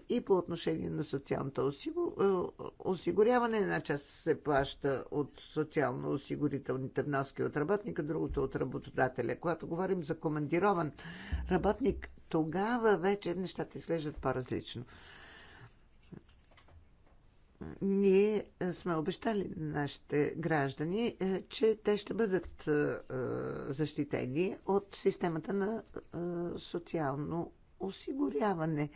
и по отношение на социалното осигуряване. Една част се плаща от социално-осигурителните вноски от работника, другото от работодателя. Когато говорим за командирован работник, тогава вече нещата изглеждат по-различно ние е, сме обещали на нашите граждани, е, че те ще бъдат е, защитени от системата на социално осигуряване.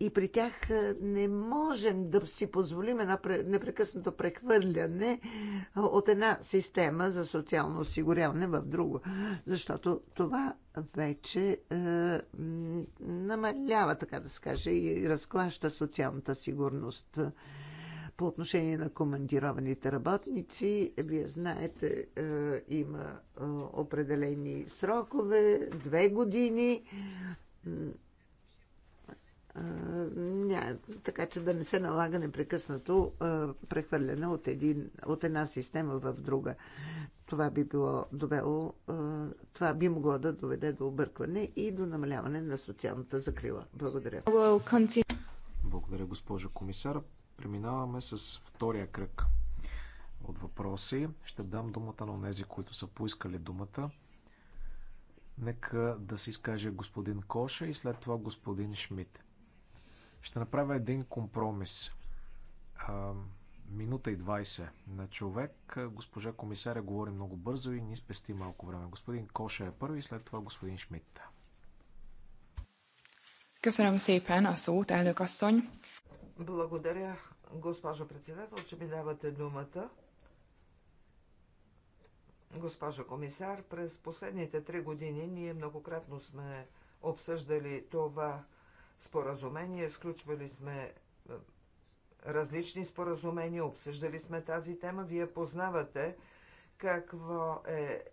И при тях не можем да си позволим едно непрекъснато прехвърляне от една система за социално осигуряване в друго. Защото това вече е, намалява, така да се каже, и разклаща социалната сигурност. По отношение на командированите работници, вие знаете, е, има е, определени срокове, две години. Е, така че да не се налага непрекъснато а, прехвърляне от, един, от една система в друга. Това би било довело, това би могло да доведе до объркване и до намаляване на социалната закрила. Благодаря. Благодаря, госпожо комисар. Преминаваме с втория кръг от въпроси. Ще дам думата на тези, които са поискали думата. Нека да се изкаже господин Коша и след това господин Шмидт. Ще направя един компромис. минута и 20 на човек. Госпожа комисаря говори много бързо и ни спести малко време. Господин Коша е първи, след това господин Шмидт. Köszönöm szépen a szót, elnök asszony. Благодаря, госпожо председател, че ми давате думата. Госпожо комисар, през последните три години ние многократно сме обсъждали това споразумение, сключвали сме е, различни споразумения, обсъждали сме тази тема. Вие познавате какво е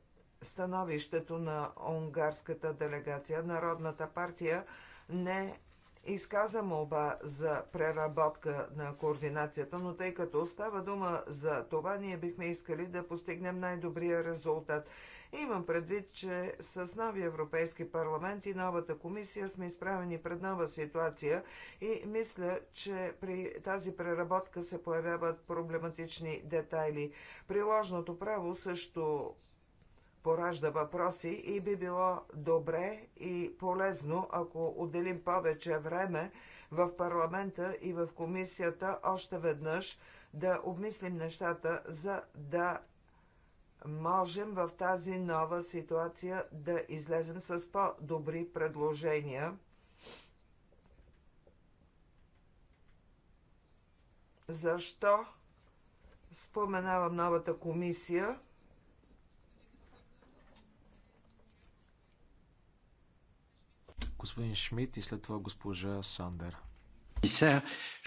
становището на унгарската делегация. Народната партия не изказа молба за преработка на координацията, но тъй като става дума за това, ние бихме искали да постигнем най-добрия резултат. Имам предвид, че с новия Европейски парламент и новата комисия сме изправени пред нова ситуация и мисля, че при тази преработка се появяват проблематични детайли. Приложното право също поражда въпроси и би било добре и полезно, ако отделим повече време в парламента и в комисията още веднъж да обмислим нещата, за да можем в тази нова ситуация да излезем с по-добри предложения. Защо споменавам новата комисия? господин Шмидт и след това госпожа Сандер.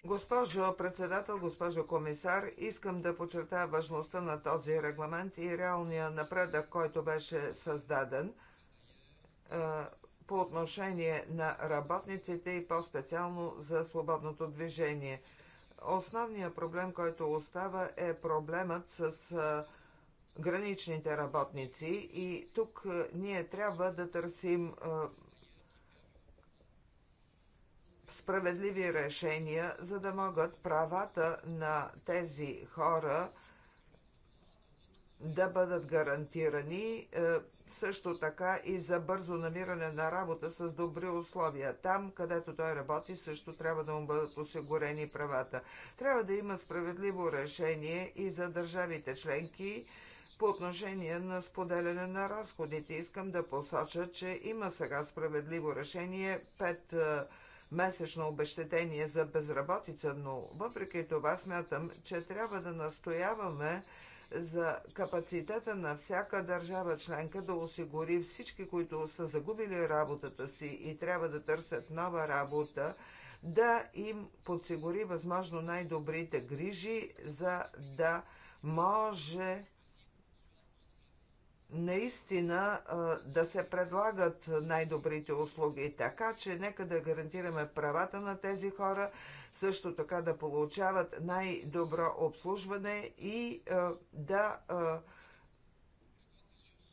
Госпожо председател, госпожо комисар, искам да подчертая важността на този регламент и реалния напредък, който беше създаден по отношение на работниците и по-специално за свободното движение. Основният проблем, който остава е проблемът с граничните работници и тук ние трябва да търсим справедливи решения, за да могат правата на тези хора да бъдат гарантирани, е, също така и за бързо намиране на работа с добри условия. Там, където той работи, също трябва да му бъдат осигурени правата. Трябва да има справедливо решение и за държавите членки, по отношение на споделяне на разходите искам да посоча, че има сега справедливо решение 5 месечно обещетение за безработица, но въпреки това смятам, че трябва да настояваме за капацитета на всяка държава членка да осигури всички, които са загубили работата си и трябва да търсят нова работа, да им подсигури възможно най-добрите грижи, за да може наистина да се предлагат най-добрите услуги. Така че нека да гарантираме правата на тези хора, също така да получават най-добро обслужване и да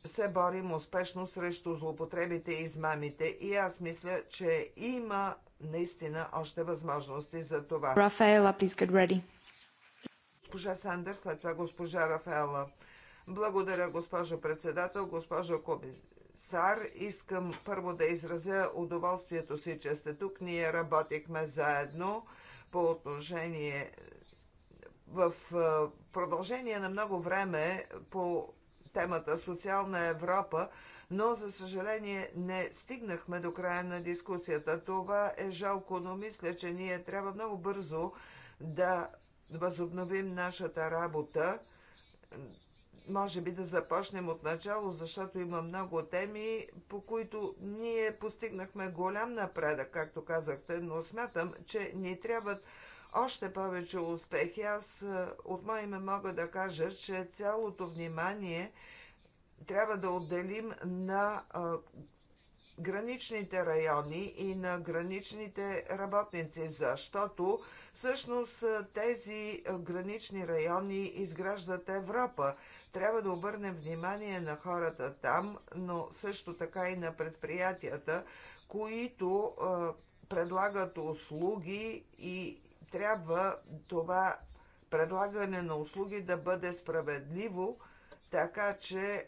се борим успешно срещу злопотребите и измамите. И аз мисля, че има наистина още възможности за това. Рафаела, please get ready. Госпожа Сандър, след това госпожа Рафаела. Благодаря, госпожо председател, госпожо комисар. Искам първо да изразя удоволствието си, че сте тук. Ние работихме заедно по отношение в продължение на много време по темата Социална Европа, но за съжаление не стигнахме до края на дискусията. Това е жалко, но мисля, че ние трябва много бързо да възобновим нашата работа може би да започнем от начало, защото има много теми, по които ние постигнахме голям напредък, както казахте, но смятам, че ни трябват още повече успехи. Аз е, от мое име мога да кажа, че цялото внимание трябва да отделим на е, граничните райони и на граничните работници, защото всъщност е, тези гранични райони изграждат Европа. Трябва да обърнем внимание на хората там, но също така и на предприятията, които предлагат услуги и трябва това предлагане на услуги да бъде справедливо, така че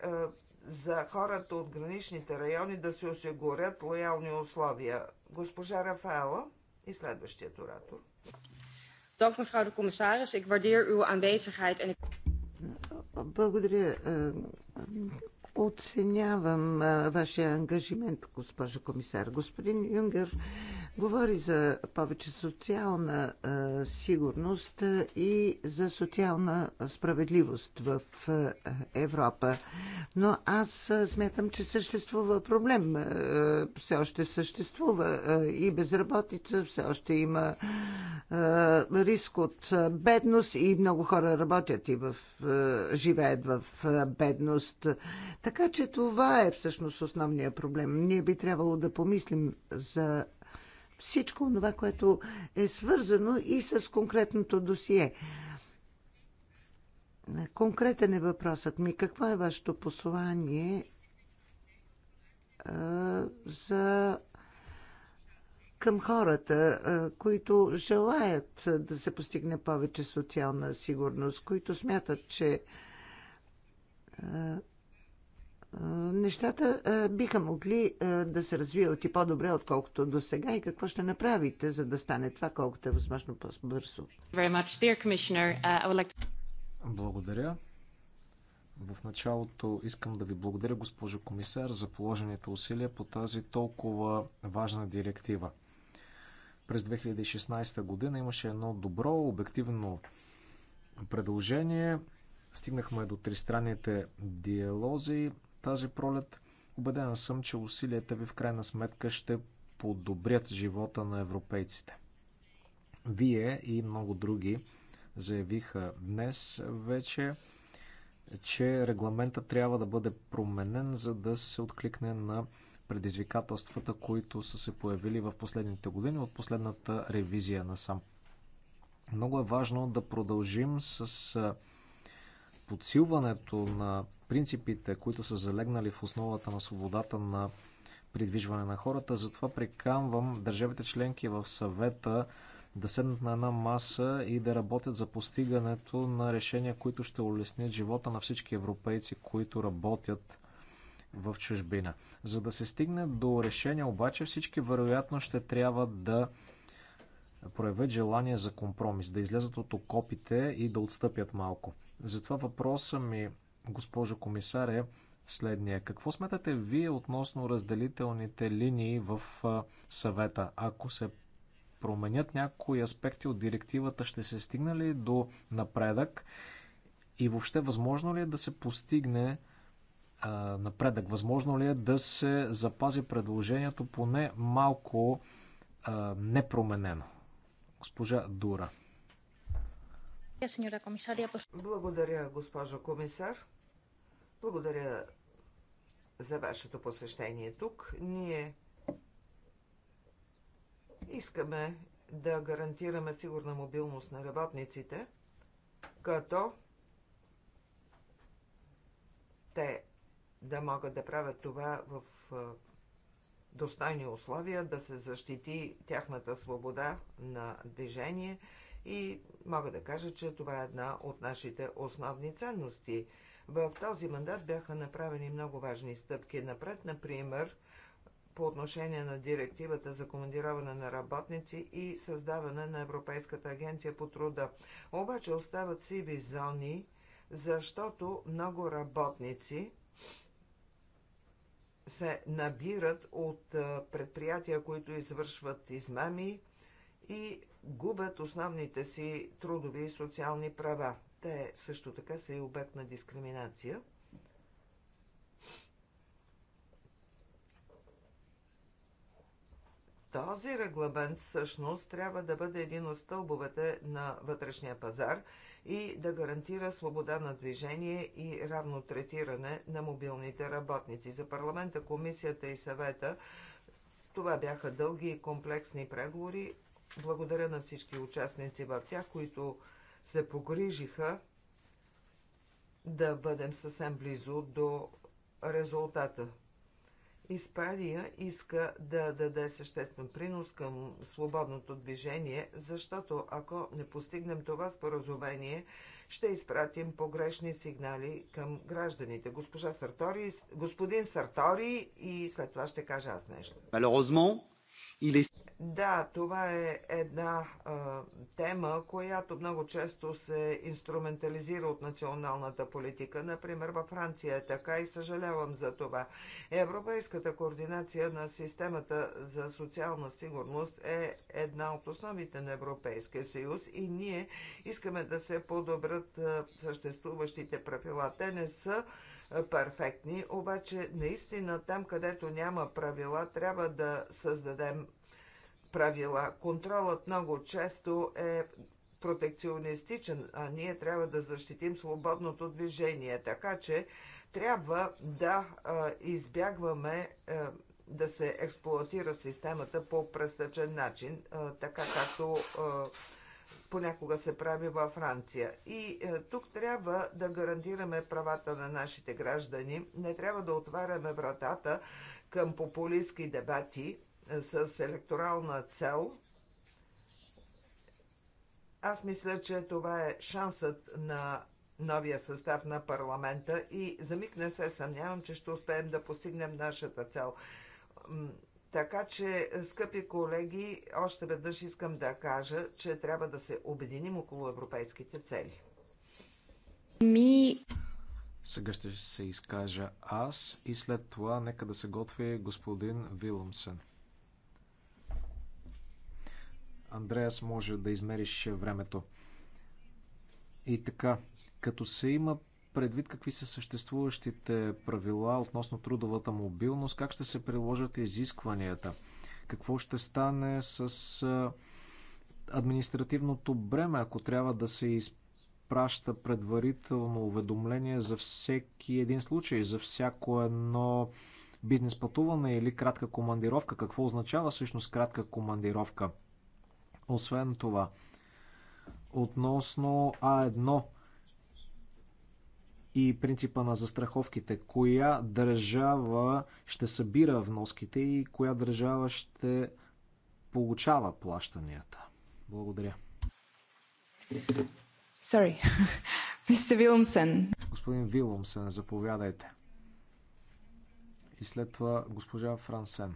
за хората от граничните райони да се осигурят лоялни условия. Госпожа Рафаела и следващият оратор. Dank mevrouw de commissaris. Ik waardeer uw aanwezigheid en ik... Благодаря. Е, оценявам е, вашия ангажимент, госпожо комисар. Господин Юнгер говори за повече социална а, сигурност и за социална справедливост в а, Европа. Но аз смятам, че съществува проблем. А, все още съществува а, и безработица, все още има а, риск от а, бедност и много хора работят и в, а, живеят в а, бедност. Така че това е всъщност основният проблем. Ние би трябвало да помислим за всичко това, което е свързано и с конкретното досие. Конкретен е въпросът ми. Какво е вашето послание за към хората, които желаят да се постигне повече социална сигурност, които смятат, че нещата биха могли да се развиват и по-добре, отколкото до сега и какво ще направите, за да стане това колкото е възможно по-бързо. Uh, благодаря. В началото искам да ви благодаря, госпожо комисар, за положените усилия по тази толкова важна директива. През 2016 година имаше едно добро, обективно предложение. Стигнахме до тристранните диалози тази пролет. Убеден съм, че усилията ви в крайна сметка ще подобрят живота на европейците. Вие и много други заявиха днес вече, че регламента трябва да бъде променен, за да се откликне на предизвикателствата, които са се появили в последните години от последната ревизия на сам. Много е важно да продължим с подсилването на принципите, които са залегнали в основата на свободата на придвижване на хората. Затова прекамвам държавите членки в съвета да седнат на една маса и да работят за постигането на решения, които ще улеснят живота на всички европейци, които работят в чужбина. За да се стигне до решение, обаче всички вероятно ще трябва да проявят желание за компромис, да излезат от окопите и да отстъпят малко. Затова въпросът ми, госпожо комисар, е следния. Какво смятате вие относно разделителните линии в съвета? Ако се променят някои аспекти от директивата, ще се стигна ли до напредък? И въобще, възможно ли е да се постигне а, напредък? Възможно ли е да се запази предложението поне малко а, непроменено? Госпожа Дура. Благодаря, госпожо комисар. Благодаря за вашето посещение тук. Ние искаме да гарантираме сигурна мобилност на работниците, като те да могат да правят това в достойни условия, да се защити тяхната свобода на движение – и мога да кажа, че това е една от нашите основни ценности. В този мандат бяха направени много важни стъпки напред, например, по отношение на директивата за командироване на работници и създаване на Европейската агенция по труда. Обаче остават сиви зони, защото много работници се набират от предприятия, които извършват измами и губят основните си трудови и социални права. Те също така са и обект на дискриминация. Този регламент всъщност трябва да бъде един от стълбовете на вътрешния пазар и да гарантира свобода на движение и равно третиране на мобилните работници. За парламента, комисията и съвета това бяха дълги и комплексни преговори, благодаря на всички участници в тях, които се погрижиха да бъдем съвсем близо до резултата. Испания иска да даде съществен принос към свободното движение, защото ако не постигнем това споразумение, ще изпратим погрешни сигнали към гражданите. Госпожа Сартори, господин Сартори и след това ще кажа аз нещо. Malheureusement, il est да, това е една а, тема, която много често се инструментализира от националната политика. Например, във Франция е така и съжалявам за това. Европейската координация на системата за социална сигурност е една от основите на Европейския съюз и ние искаме да се подобрат съществуващите правила. Те не са перфектни, обаче наистина там, където няма правила, трябва да създадем правила. Контролът много често е протекционистичен, а ние трябва да защитим свободното движение. Така че трябва да избягваме да се експлуатира системата по престъчен начин, така както понякога се прави във Франция. И е, тук трябва да гарантираме правата на нашите граждани, не трябва да отваряме вратата към популистски дебати, с електорална цел. Аз мисля, че това е шансът на новия състав на парламента и за миг не се съмнявам, че ще успеем да постигнем нашата цел. Така че, скъпи колеги, още веднъж искам да кажа, че трябва да се обединим около европейските цели. Ми... Сега ще се изкажа аз и след това нека да се готви господин Вилумсен. Андреас, може да измериш е, времето. И така, като се има предвид какви са съществуващите правила относно трудовата мобилност, как ще се приложат изискванията, какво ще стане с е, административното бреме, ако трябва да се изпраща предварително уведомление за всеки един случай, за всяко едно бизнес пътуване или кратка командировка. Какво означава всъщност кратка командировка? Освен това, относно А1 и принципа на застраховките, коя държава ще събира вноските и коя държава ще получава плащанията. Благодаря. Sorry. Mr. Вилумсен. Господин Вилумсен, заповядайте. И след това госпожа Франсен.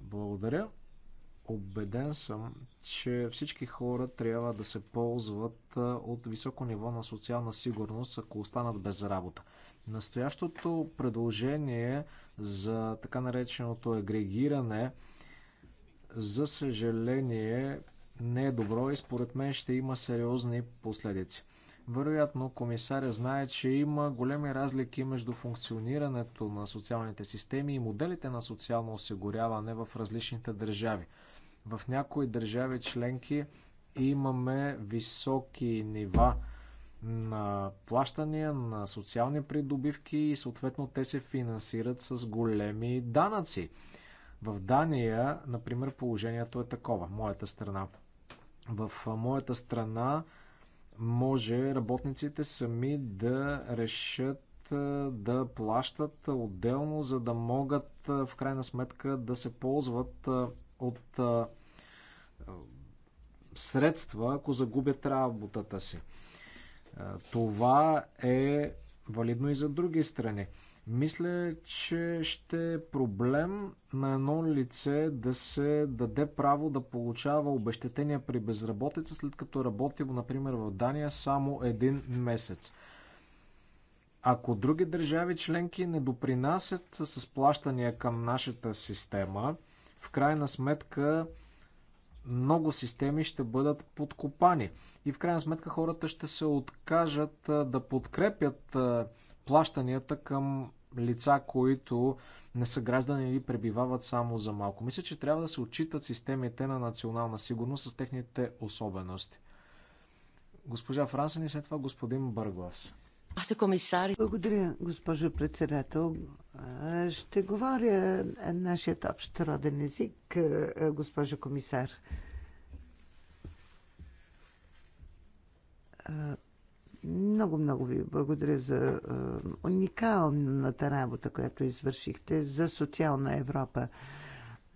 Благодаря. Обеден съм, че всички хора трябва да се ползват от високо ниво на социална сигурност, ако останат без работа. Настоящото предложение за така нареченото агрегиране, за съжаление, не е добро и според мен ще има сериозни последици. Вероятно, комисаря знае, че има големи разлики между функционирането на социалните системи и моделите на социално осигуряване в различните държави. В някои държави членки имаме високи нива на плащания, на социални придобивки и съответно те се финансират с големи данъци. В Дания, например, положението е такова, моята страна. В моята страна може работниците сами да решат да плащат отделно, за да могат в крайна сметка да се ползват от средства, ако загубят работата си. Това е валидно и за други страни. Мисля, че ще е проблем на едно лице да се даде право да получава обещетения при безработица, след като работи, например, в Дания само един месец. Ако други държави членки не допринасят с плащания към нашата система, в крайна сметка много системи ще бъдат подкопани. И в крайна сметка хората ще се откажат да подкрепят плащанията към лица, които не са граждани или пребивават само за малко. Мисля, че трябва да се отчитат системите на национална сигурност с техните особености. Госпожа Франсен и след това господин Бърглас. Ахте комисари. Благодаря, госпожо председател. Ще говоря нашият общ роден език, госпожо комисар. Много, много ви благодаря за уникалната работа, която извършихте за социална Европа.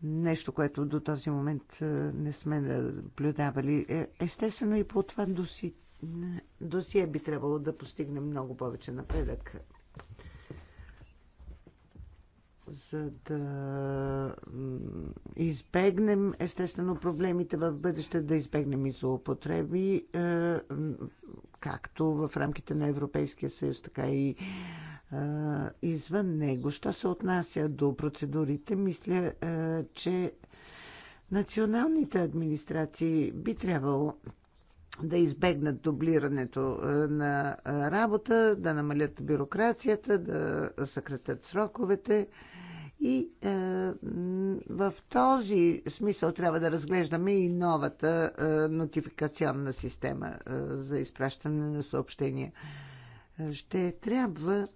Нещо, което до този момент не сме наблюдавали. Е, естествено и по това досит досие би трябвало да постигне много повече напредък. За да избегнем, естествено, проблемите в бъдеще, да избегнем и злоупотреби, е, както в рамките на Европейския съюз, така и е, извън него. Що се отнася до процедурите, мисля, е, че националните администрации би трябвало да избегнат дублирането е, на е, работа, да намалят бюрокрацията, да съкратят сроковете. И е, в този смисъл трябва да разглеждаме и новата е, нотификационна система е, за изпращане на съобщения. Е, ще трябва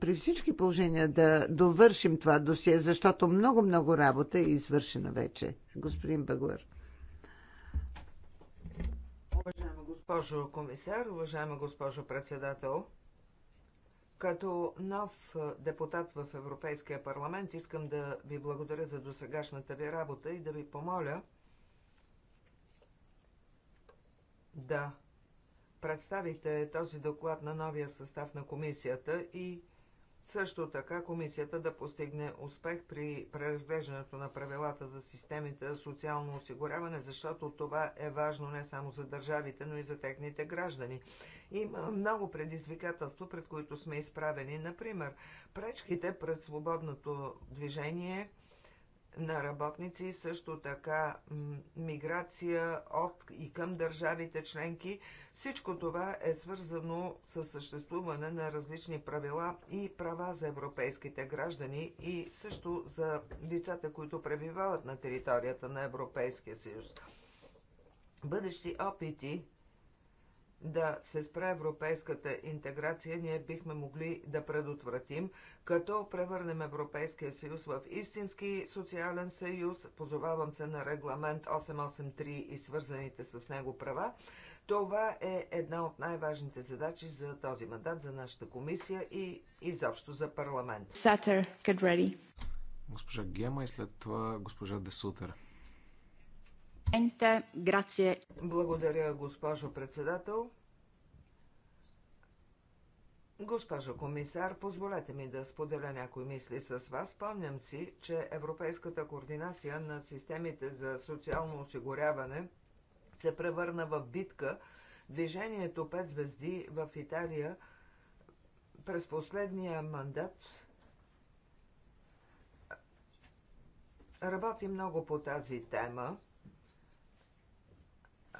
при всички положения да довършим това досие, защото много-много работа е извършена вече. Господин Багуер. Уважаема госпожо комисар, уважаема госпожо председател, като нов депутат в Европейския парламент искам да ви благодаря за досегашната ви работа и да ви помоля да представите този доклад на новия състав на комисията и също така комисията да постигне успех при преразглеждането на правилата за системите за социално осигуряване, защото това е важно не само за държавите, но и за техните граждани. Има много предизвикателства, пред които сме изправени. Например, пречките пред свободното движение – на работници, също така миграция от и към държавите членки. Всичко това е свързано с съществуване на различни правила и права за европейските граждани и също за лицата, които пребивават на територията на Европейския съюз. Бъдещи опити да се спре европейската интеграция, ние бихме могли да предотвратим, като превърнем Европейския съюз в истински социален съюз, позовавам се на регламент 883 и свързаните с него права. Това е една от най-важните задачи за този мандат, за нашата комисия и изобщо за парламент. Сатър, get ready. Госпожа Гема и след това госпожа Десутър. Благодаря, госпожо председател. Госпожо комисар, позволете ми да споделя някои мисли с вас. Спомням си, че Европейската координация на системите за социално осигуряване се превърна в битка. Движението 5 звезди в Италия през последния мандат работи много по тази тема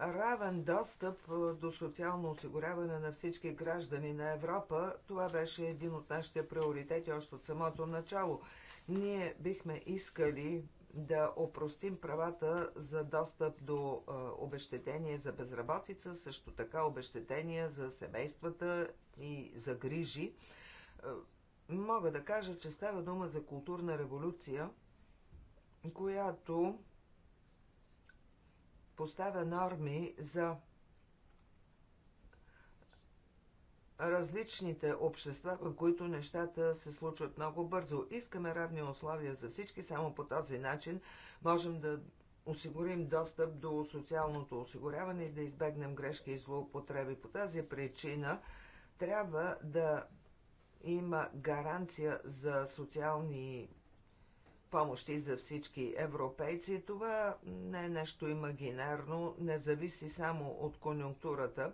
равен достъп до социално осигуряване на всички граждани на Европа, това беше един от нашите приоритети още от самото начало. Ние бихме искали да опростим правата за достъп до обещетение за безработица, също така обещетения за семействата и за грижи. Мога да кажа, че става дума за културна революция, която поставя норми за различните общества, в които нещата се случват много бързо. Искаме равни условия за всички, само по този начин можем да осигурим достъп до социалното осигуряване и да избегнем грешки и злоупотреби. По тази причина трябва да има гаранция за социални помощи за всички европейци. Това не е нещо имагинарно, не зависи само от конюнктурата.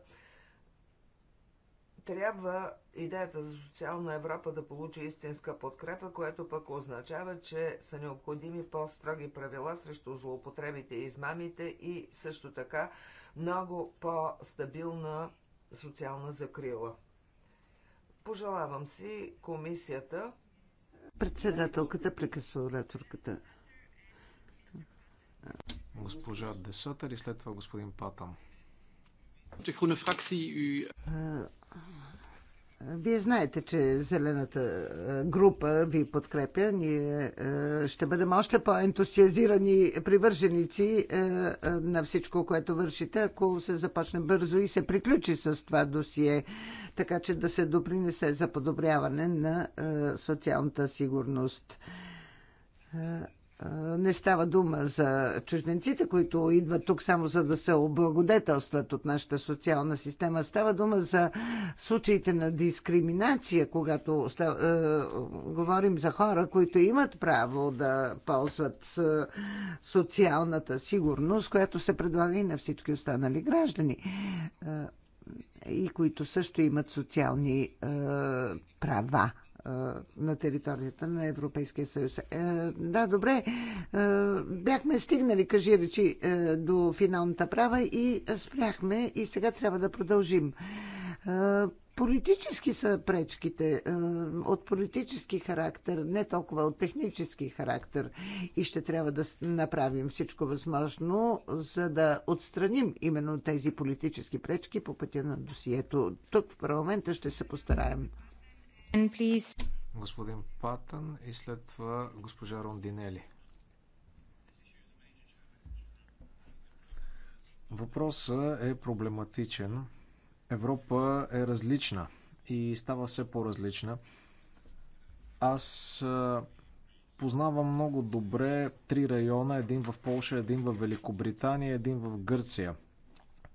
Трябва идеята за социална Европа да получи истинска подкрепа, което пък означава, че са необходими по-строги правила срещу злоупотребите и измамите и също така много по-стабилна социална закрила. Пожелавам си комисията Председателката прекъсва ораторката. Госпожа Десата или след това господин Патам. Вие знаете, че зелената група ви подкрепя. Ние ще бъдем още по-ентусиазирани привърженици на всичко, което вършите, ако се започне бързо и се приключи с това досие така че да се допринесе за подобряване на е, социалната сигурност. Е, е, не става дума за чужденците, които идват тук само за да се облагодетелстват от нашата социална система. Става дума за случаите на дискриминация, когато е, говорим за хора, които имат право да ползват социалната сигурност, която се предлага и на всички останали граждани и които също имат социални е, права е, на територията на Европейския съюз. Е, да, добре, е, бяхме стигнали, кажи речи, е, до финалната права и е, спряхме и сега трябва да продължим. Е, политически са пречките, е, от политически характер, не толкова от технически характер. И ще трябва да направим всичко възможно, за да отстраним именно тези политически пречки по пътя на досието. Тук в парламента ще се постараем. Господин Патън и след това госпожа Рондинели. Въпросът е проблематичен Европа е различна и става все по-различна. Аз познавам много добре три района, един в Польша, един в Великобритания, един в Гърция.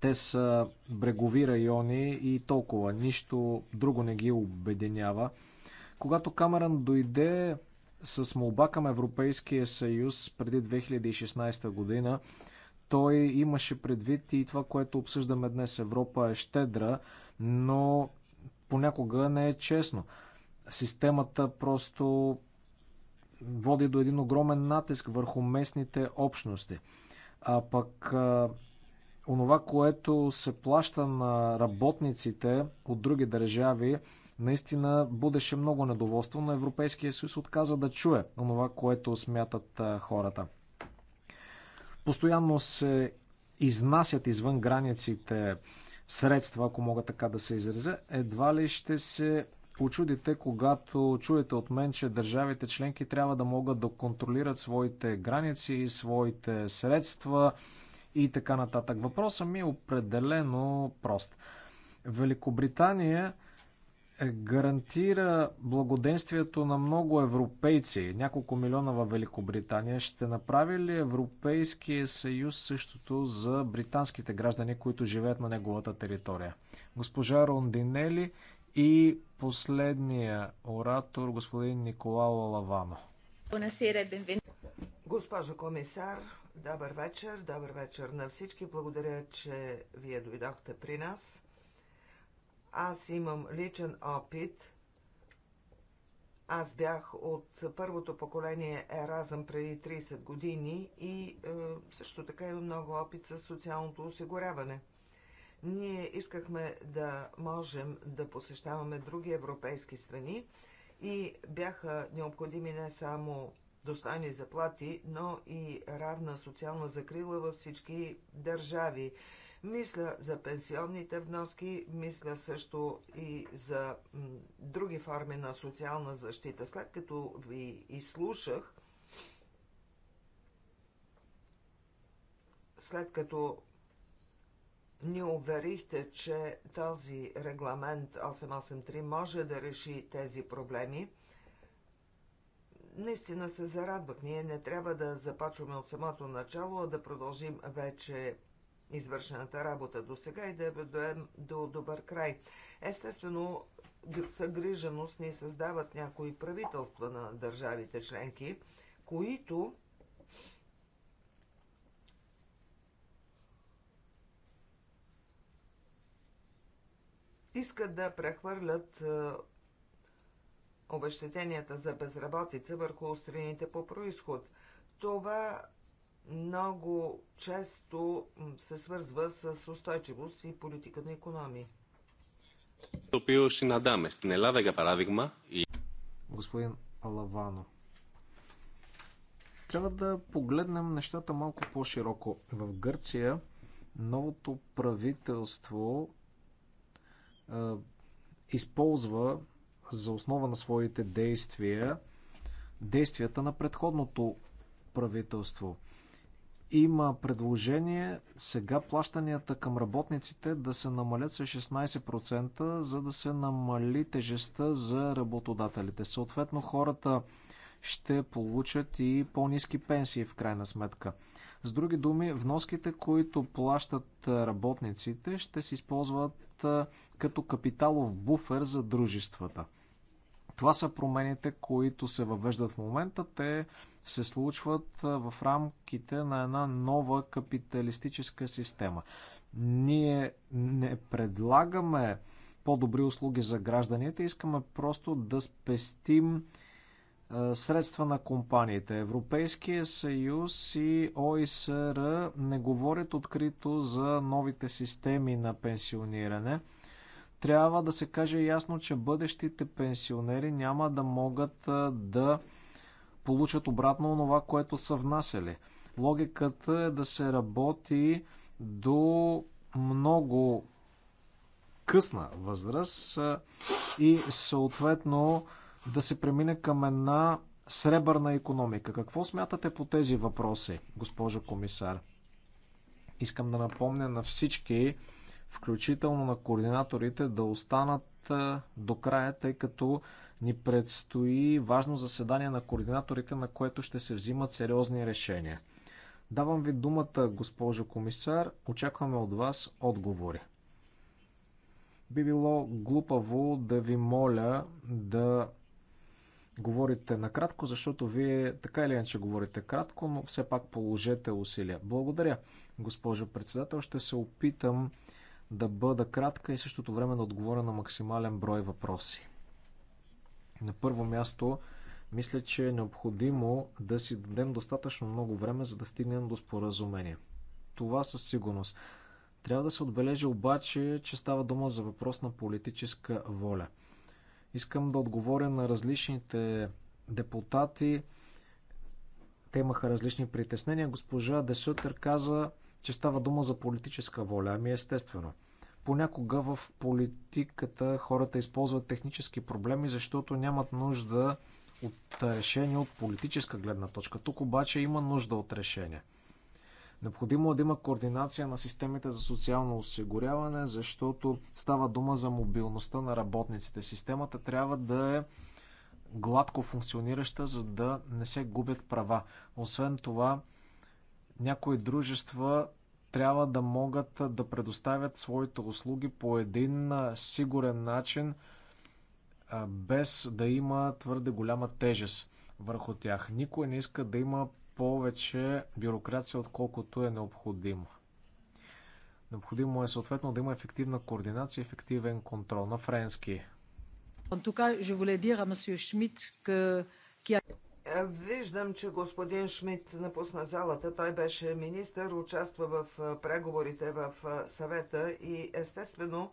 Те са брегови райони и толкова. Нищо друго не ги обединява. Когато Камеран дойде с молба към Европейския съюз преди 2016 година, той имаше предвид и това, което обсъждаме днес. Европа е щедра, но понякога не е честно. Системата просто води до един огромен натиск върху местните общности. А пък онова, което се плаща на работниците от други държави, наистина будеше много недоволство, но Европейския съюз отказа да чуе онова, което смятат хората. Постоянно се изнасят извън границите средства, ако мога така да се изразя. Едва ли ще се очудите, когато чуете от мен, че държавите членки трябва да могат да контролират своите граници, своите средства и така нататък. Въпросът ми е определено прост. Великобритания гарантира благоденствието на много европейци, няколко милиона в Великобритания. Ще направи ли Европейския съюз същото за британските граждани, които живеят на неговата територия? Госпожа Рондинели и последния оратор, господин Николао Лавано. Госпожо комисар, добър вечер, добър вечер на всички. Благодаря, че вие дойдохте при нас. Аз имам личен опит. Аз бях от първото поколение Еразъм преди 30 години и е, също така имам много опит с социалното осигуряване. Ние искахме да можем да посещаваме други европейски страни и бяха необходими не само достойни заплати, но и равна социална закрила във всички държави. Мисля за пенсионните вноски, мисля също и за други форми на социална защита. След като ви изслушах, след като ни уверихте, че този регламент 883 може да реши тези проблеми, наистина се зарадвах. Ние не трябва да започваме от самото начало, а да продължим вече извършената работа до сега и да я е ведем до добър край. Естествено, съгриженост ни създават някои правителства на държавите членки, които искат да прехвърлят е, обещетенията за безработица върху страните по происход. Това много често се свързва с устойчивост и политика на економии. Το οποίο συναντάμε στην Ελλάδα, για παράδειγμα. Господин Алавано, трябва да погледнем нещата малко по-широко. В Гърция новото правителство е, използва за основа на своите действия действията на предходното правителство. Има предложение сега плащанията към работниците да се намалят с 16%, за да се намали тежестта за работодателите. Съответно, хората ще получат и по-низки пенсии в крайна сметка. С други думи, вноските, които плащат работниците, ще се използват като капиталов буфер за дружествата. Това са промените, които се въвеждат в момента. Те се случват в рамките на една нова капиталистическа система. Ние не предлагаме по-добри услуги за гражданите, искаме просто да спестим средства на компаниите. Европейския съюз и ОИСР не говорят открито за новите системи на пенсиониране. Трябва да се каже ясно, че бъдещите пенсионери няма да могат да получат обратно това, което са внасяли. Логиката е да се работи до много късна възраст и съответно да се премине към една сребърна економика. Какво смятате по тези въпроси, госпожо комисар? Искам да напомня на всички, включително на координаторите, да останат до края, тъй като ни предстои важно заседание на координаторите, на което ще се взимат сериозни решения. Давам ви думата, госпожо комисар. Очакваме от вас отговори. Би било глупаво да ви моля да говорите накратко, защото вие така или иначе говорите кратко, но все пак положете усилия. Благодаря, госпожо председател. Ще се опитам да бъда кратка и същото време да отговоря на максимален брой въпроси. На първо място, мисля, че е необходимо да си дадем достатъчно много време, за да стигнем до споразумение. Това със сигурност. Трябва да се отбележи обаче, че става дума за въпрос на политическа воля. Искам да отговоря на различните депутати. Те имаха различни притеснения. Госпожа Десютер каза, че става дума за политическа воля. Ами естествено – Понякога в политиката хората използват технически проблеми, защото нямат нужда от решение от политическа гледна точка. Тук обаче има нужда от решение. Необходимо е да има координация на системите за социално осигуряване, защото става дума за мобилността на работниците. Системата трябва да е гладко функционираща, за да не се губят права. Освен това, някои дружества трябва да могат да предоставят своите услуги по един сигурен начин, без да има твърде голяма тежест върху тях. Никой не иска да има повече бюрокрация, отколкото е необходимо. Необходимо е съответно да има ефективна координация, ефективен контрол на френски. Виждам, че господин Шмидт напусна залата. Той беше министър, участва в преговорите в съвета и естествено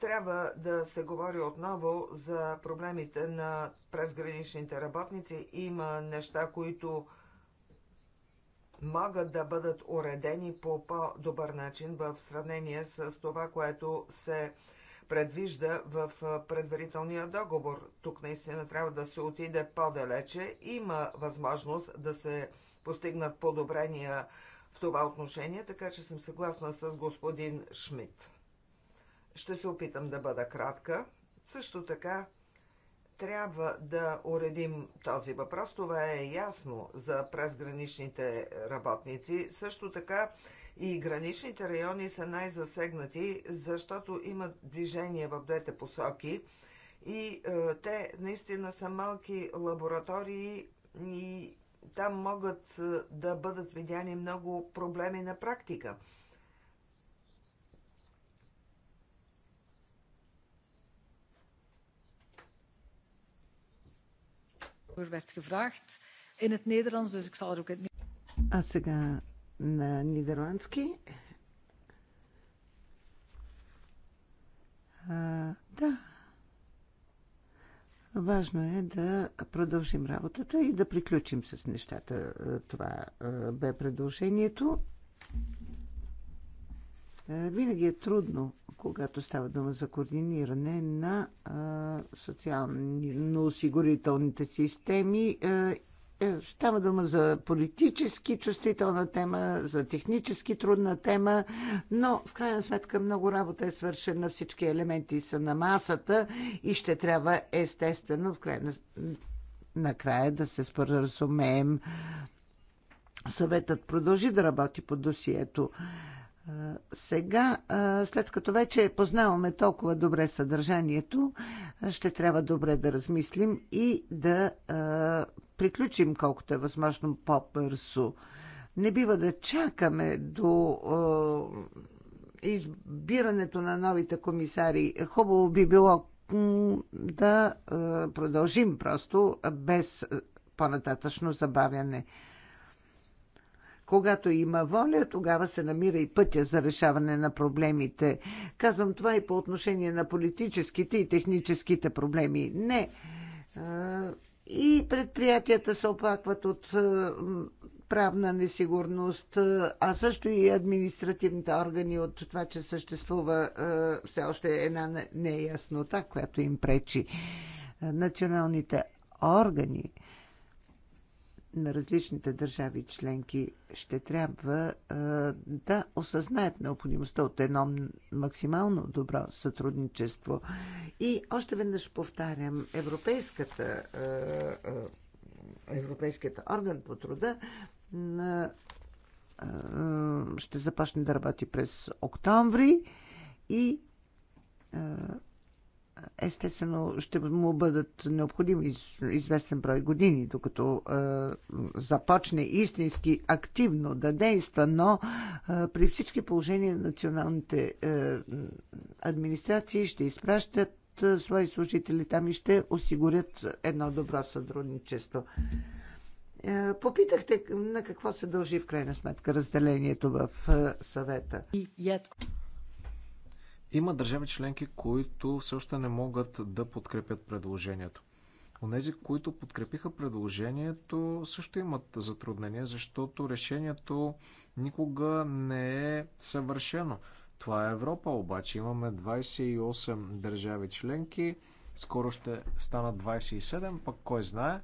трябва да се говори отново за проблемите на презграничните работници. Има неща, които могат да бъдат уредени по по-добър начин в сравнение с това, което се предвижда в предварителния договор. Тук наистина трябва да се отиде по-далече. Има възможност да се постигнат подобрения в това отношение, така че съм съгласна с господин Шмидт. Ще се опитам да бъда кратка. Също така, трябва да уредим този въпрос. Това е ясно за презграничните работници. Също така, и граничните райони са най-засегнати, защото имат движение в двете посоки и е, те наистина са малки лаборатории и там могат е, да бъдат видяни много проблеми на практика. werd gevraagd in het Nederlands, dus ik zal er ook het. А сега на нидерландски. А, да. Важно е да продължим работата и да приключим с нещата. Това бе предложението. Винаги е трудно, когато става дума за координиране на социално-осигурителните системи е, става дума за политически чувствителна тема, за технически трудна тема, но в крайна сметка много работа е свършена, всички елементи са на масата и ще трябва естествено в крайна накрая да се споразумеем. Съветът продължи да работи по досието. Е, сега, е, след като вече познаваме толкова добре съдържанието, ще трябва добре да размислим и да приключим колкото е възможно по-бързо. Не бива да чакаме до е, избирането на новите комисари. Хубаво би било да е, продължим просто без е, по-нататъчно забавяне. Когато има воля, тогава се намира и пътя за решаване на проблемите. Казвам това и по отношение на политическите и техническите проблеми. Не. Е, и предприятията се оплакват от е, правна несигурност, е, а също и административните органи от това, че съществува е, все още една неяснота, която им пречи. Националните органи на различните държави членки ще трябва а, да осъзнаят необходимостта от едно максимално добро сътрудничество. И още веднъж повтарям, европейската, а, а, европейската орган по труда а, а, ще започне да работи през октомври и а, Естествено, ще му бъдат необходими известен брой години, докато е, започне истински активно да действа, но е, при всички положения националните е, администрации ще изпращат е, свои служители там и ще осигурят едно добро сътрудничество. Е, попитахте на какво се дължи в крайна сметка разделението в е, И съвета. Има държави членки, които все още не могат да подкрепят предложението. Онези, които подкрепиха предложението, също имат затруднения, защото решението никога не е съвършено. Това е Европа, обаче имаме 28 държави членки, скоро ще станат 27, пък кой знае,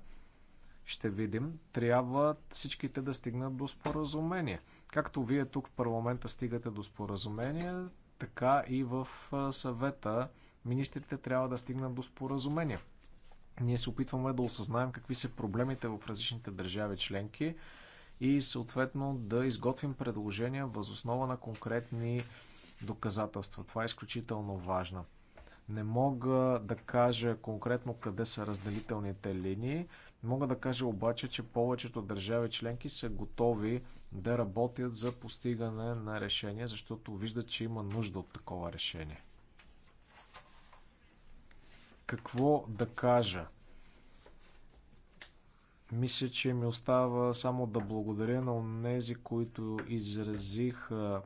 ще видим. Трябва всичките да стигнат до споразумение. Както вие тук в парламента стигате до споразумение, така и в съвета министрите трябва да стигнат до споразумение. Ние се опитваме да осъзнаем какви са проблемите в различните държави членки и съответно да изготвим предложения възоснова на конкретни доказателства. Това е изключително важно. Не мога да кажа конкретно къде са разделителните линии, мога да кажа обаче, че повечето държави членки са готови да работят за постигане на решение, защото виждат, че има нужда от такова решение. Какво да кажа? Мисля, че ми остава само да благодаря на тези, които изразиха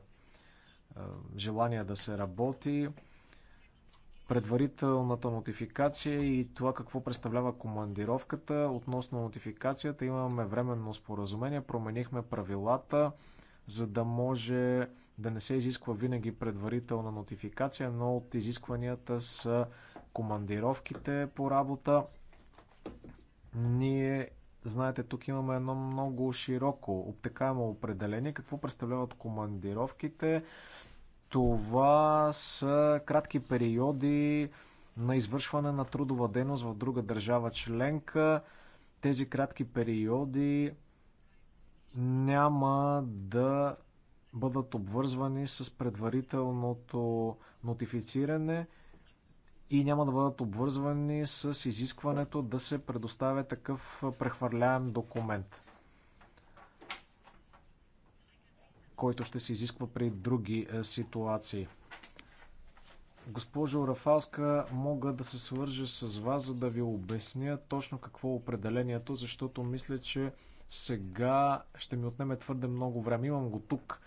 желание да се работи предварителната нотификация и това какво представлява командировката. Относно нотификацията имаме временно споразумение, променихме правилата, за да може да не се изисква винаги предварителна нотификация, но от изискванията са командировките по работа. Ние, знаете, тук имаме едно много широко, обтекаемо определение. Какво представляват командировките? Това са кратки периоди на извършване на трудова дейност в друга държава членка. Тези кратки периоди няма да бъдат обвързвани с предварителното нотифициране и няма да бъдат обвързвани с изискването да се предоставя такъв прехвърляем документ. който ще се изисква при други е, ситуации. Госпожо Рафалска, мога да се свържа с вас, за да ви обясня точно какво е определението, защото мисля, че сега ще ми отнеме твърде много време. Имам го тук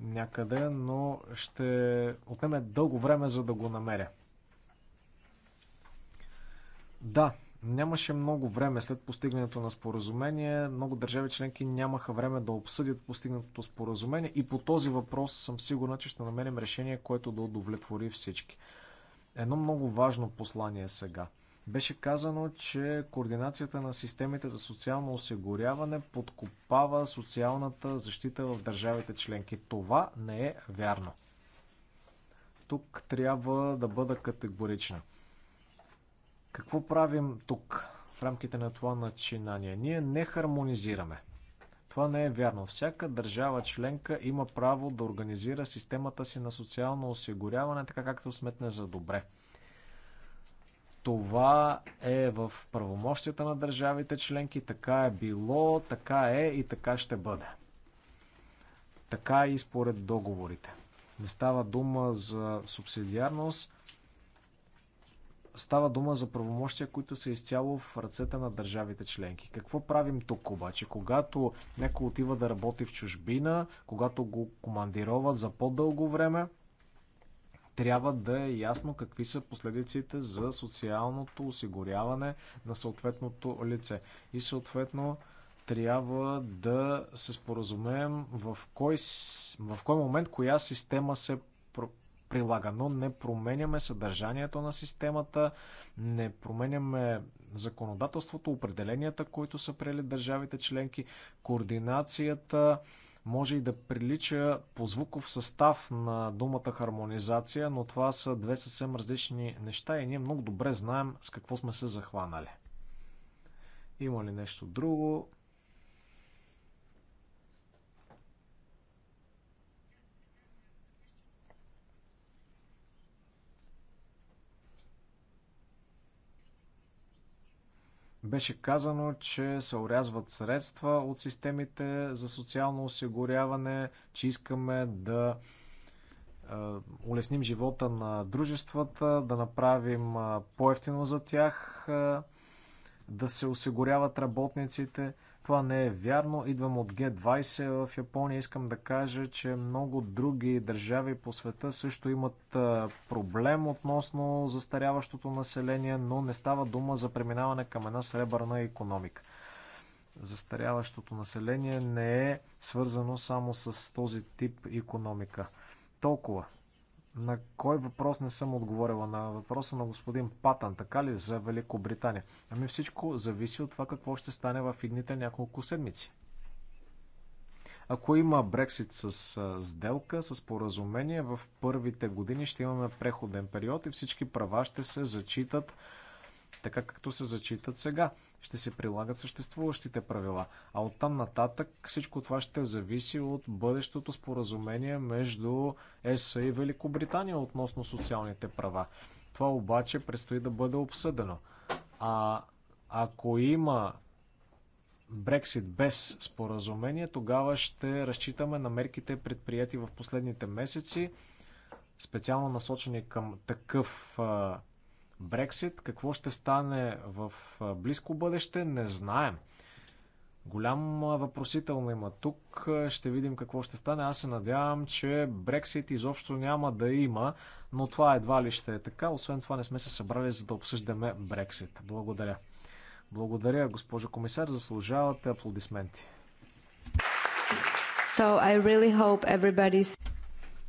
някъде, но ще отнеме дълго време, за да го намеря. Да, Нямаше много време след постигането на споразумение. Много държави членки нямаха време да обсъдят постигнатото споразумение и по този въпрос съм сигурна, че ще намерим решение, което да удовлетвори всички. Едно много важно послание сега. Беше казано, че координацията на системите за социално осигуряване подкопава социалната защита в държавите членки. Това не е вярно. Тук трябва да бъда категорична. Какво правим тук в рамките на това начинание? Ние не хармонизираме. Това не е вярно. Всяка държава членка има право да организира системата си на социално осигуряване, така както сметне за добре. Това е в правомощията на държавите членки, така е било, така е и така ще бъде. Така е и според договорите. Не става дума за субсидиарност, Става дума за правомощия, които са изцяло в ръцете на държавите членки. Какво правим тук обаче? Когато някой отива да работи в чужбина, когато го командироват за по-дълго време, трябва да е ясно какви са последиците за социалното осигуряване на съответното лице. И съответно трябва да се споразумеем в кой, в кой момент коя система се но Не променяме съдържанието на системата, не променяме законодателството, определенията, които са прели държавите членки, координацията може и да прилича по звуков състав на думата хармонизация, но това са две съвсем различни неща и ние много добре знаем с какво сме се захванали. Има ли нещо друго? Беше казано, че се урязват средства от системите за социално осигуряване, че искаме да улесним живота на дружествата, да направим по-ефтино за тях, да се осигуряват работниците. Това не е вярно. Идвам от Г20 в Япония. Искам да кажа, че много други държави по света също имат проблем относно застаряващото население, но не става дума за преминаване към една сребърна економика. Застаряващото население не е свързано само с този тип економика. Толкова на кой въпрос не съм отговорила? На въпроса на господин Патан, така ли, е за Великобритания? Ами всичко зависи от това какво ще стане в едните няколко седмици. Ако има Брексит с сделка, с поразумение, в първите години ще имаме преходен период и всички права ще се зачитат така, както се зачитат сега ще се прилагат съществуващите правила. А оттам нататък всичко това ще зависи от бъдещото споразумение между ЕС и Великобритания относно социалните права. Това обаче предстои да бъде обсъдено. А ако има Брексит без споразумение, тогава ще разчитаме на мерките предприяти в последните месеци, специално насочени към такъв Брексит, какво ще стане в близко бъдеще, не знаем. Голям въпросително има тук. Ще видим какво ще стане. Аз се надявам, че Брексит изобщо няма да има, но това едва ли ще е така. Освен това не сме се събрали за да обсъждаме Брексит. Благодаря. Благодаря, госпожо комисар. Заслужавате аплодисменти. So I really hope everybody's...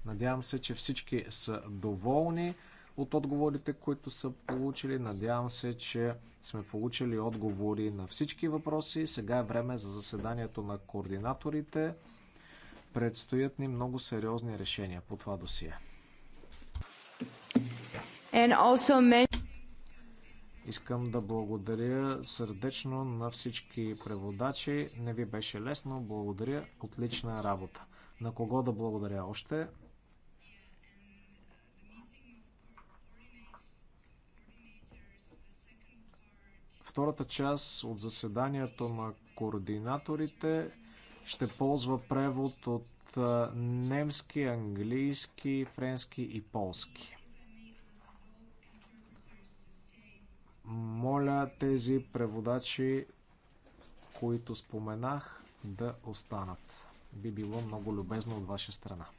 Надявам се, че всички са доволни от отговорите, които са получили. Надявам се, че сме получили отговори на всички въпроси. Сега е време за заседанието на координаторите. Предстоят ни много сериозни решения по това досие. Also... Искам да благодаря сърдечно на всички преводачи. Не ви беше лесно. Благодаря. Отлична работа. На кого да благодаря още? втората част от заседанието на координаторите ще ползва превод от немски, английски, френски и полски. Моля тези преводачи, които споменах, да останат. Би било много любезно от ваша страна.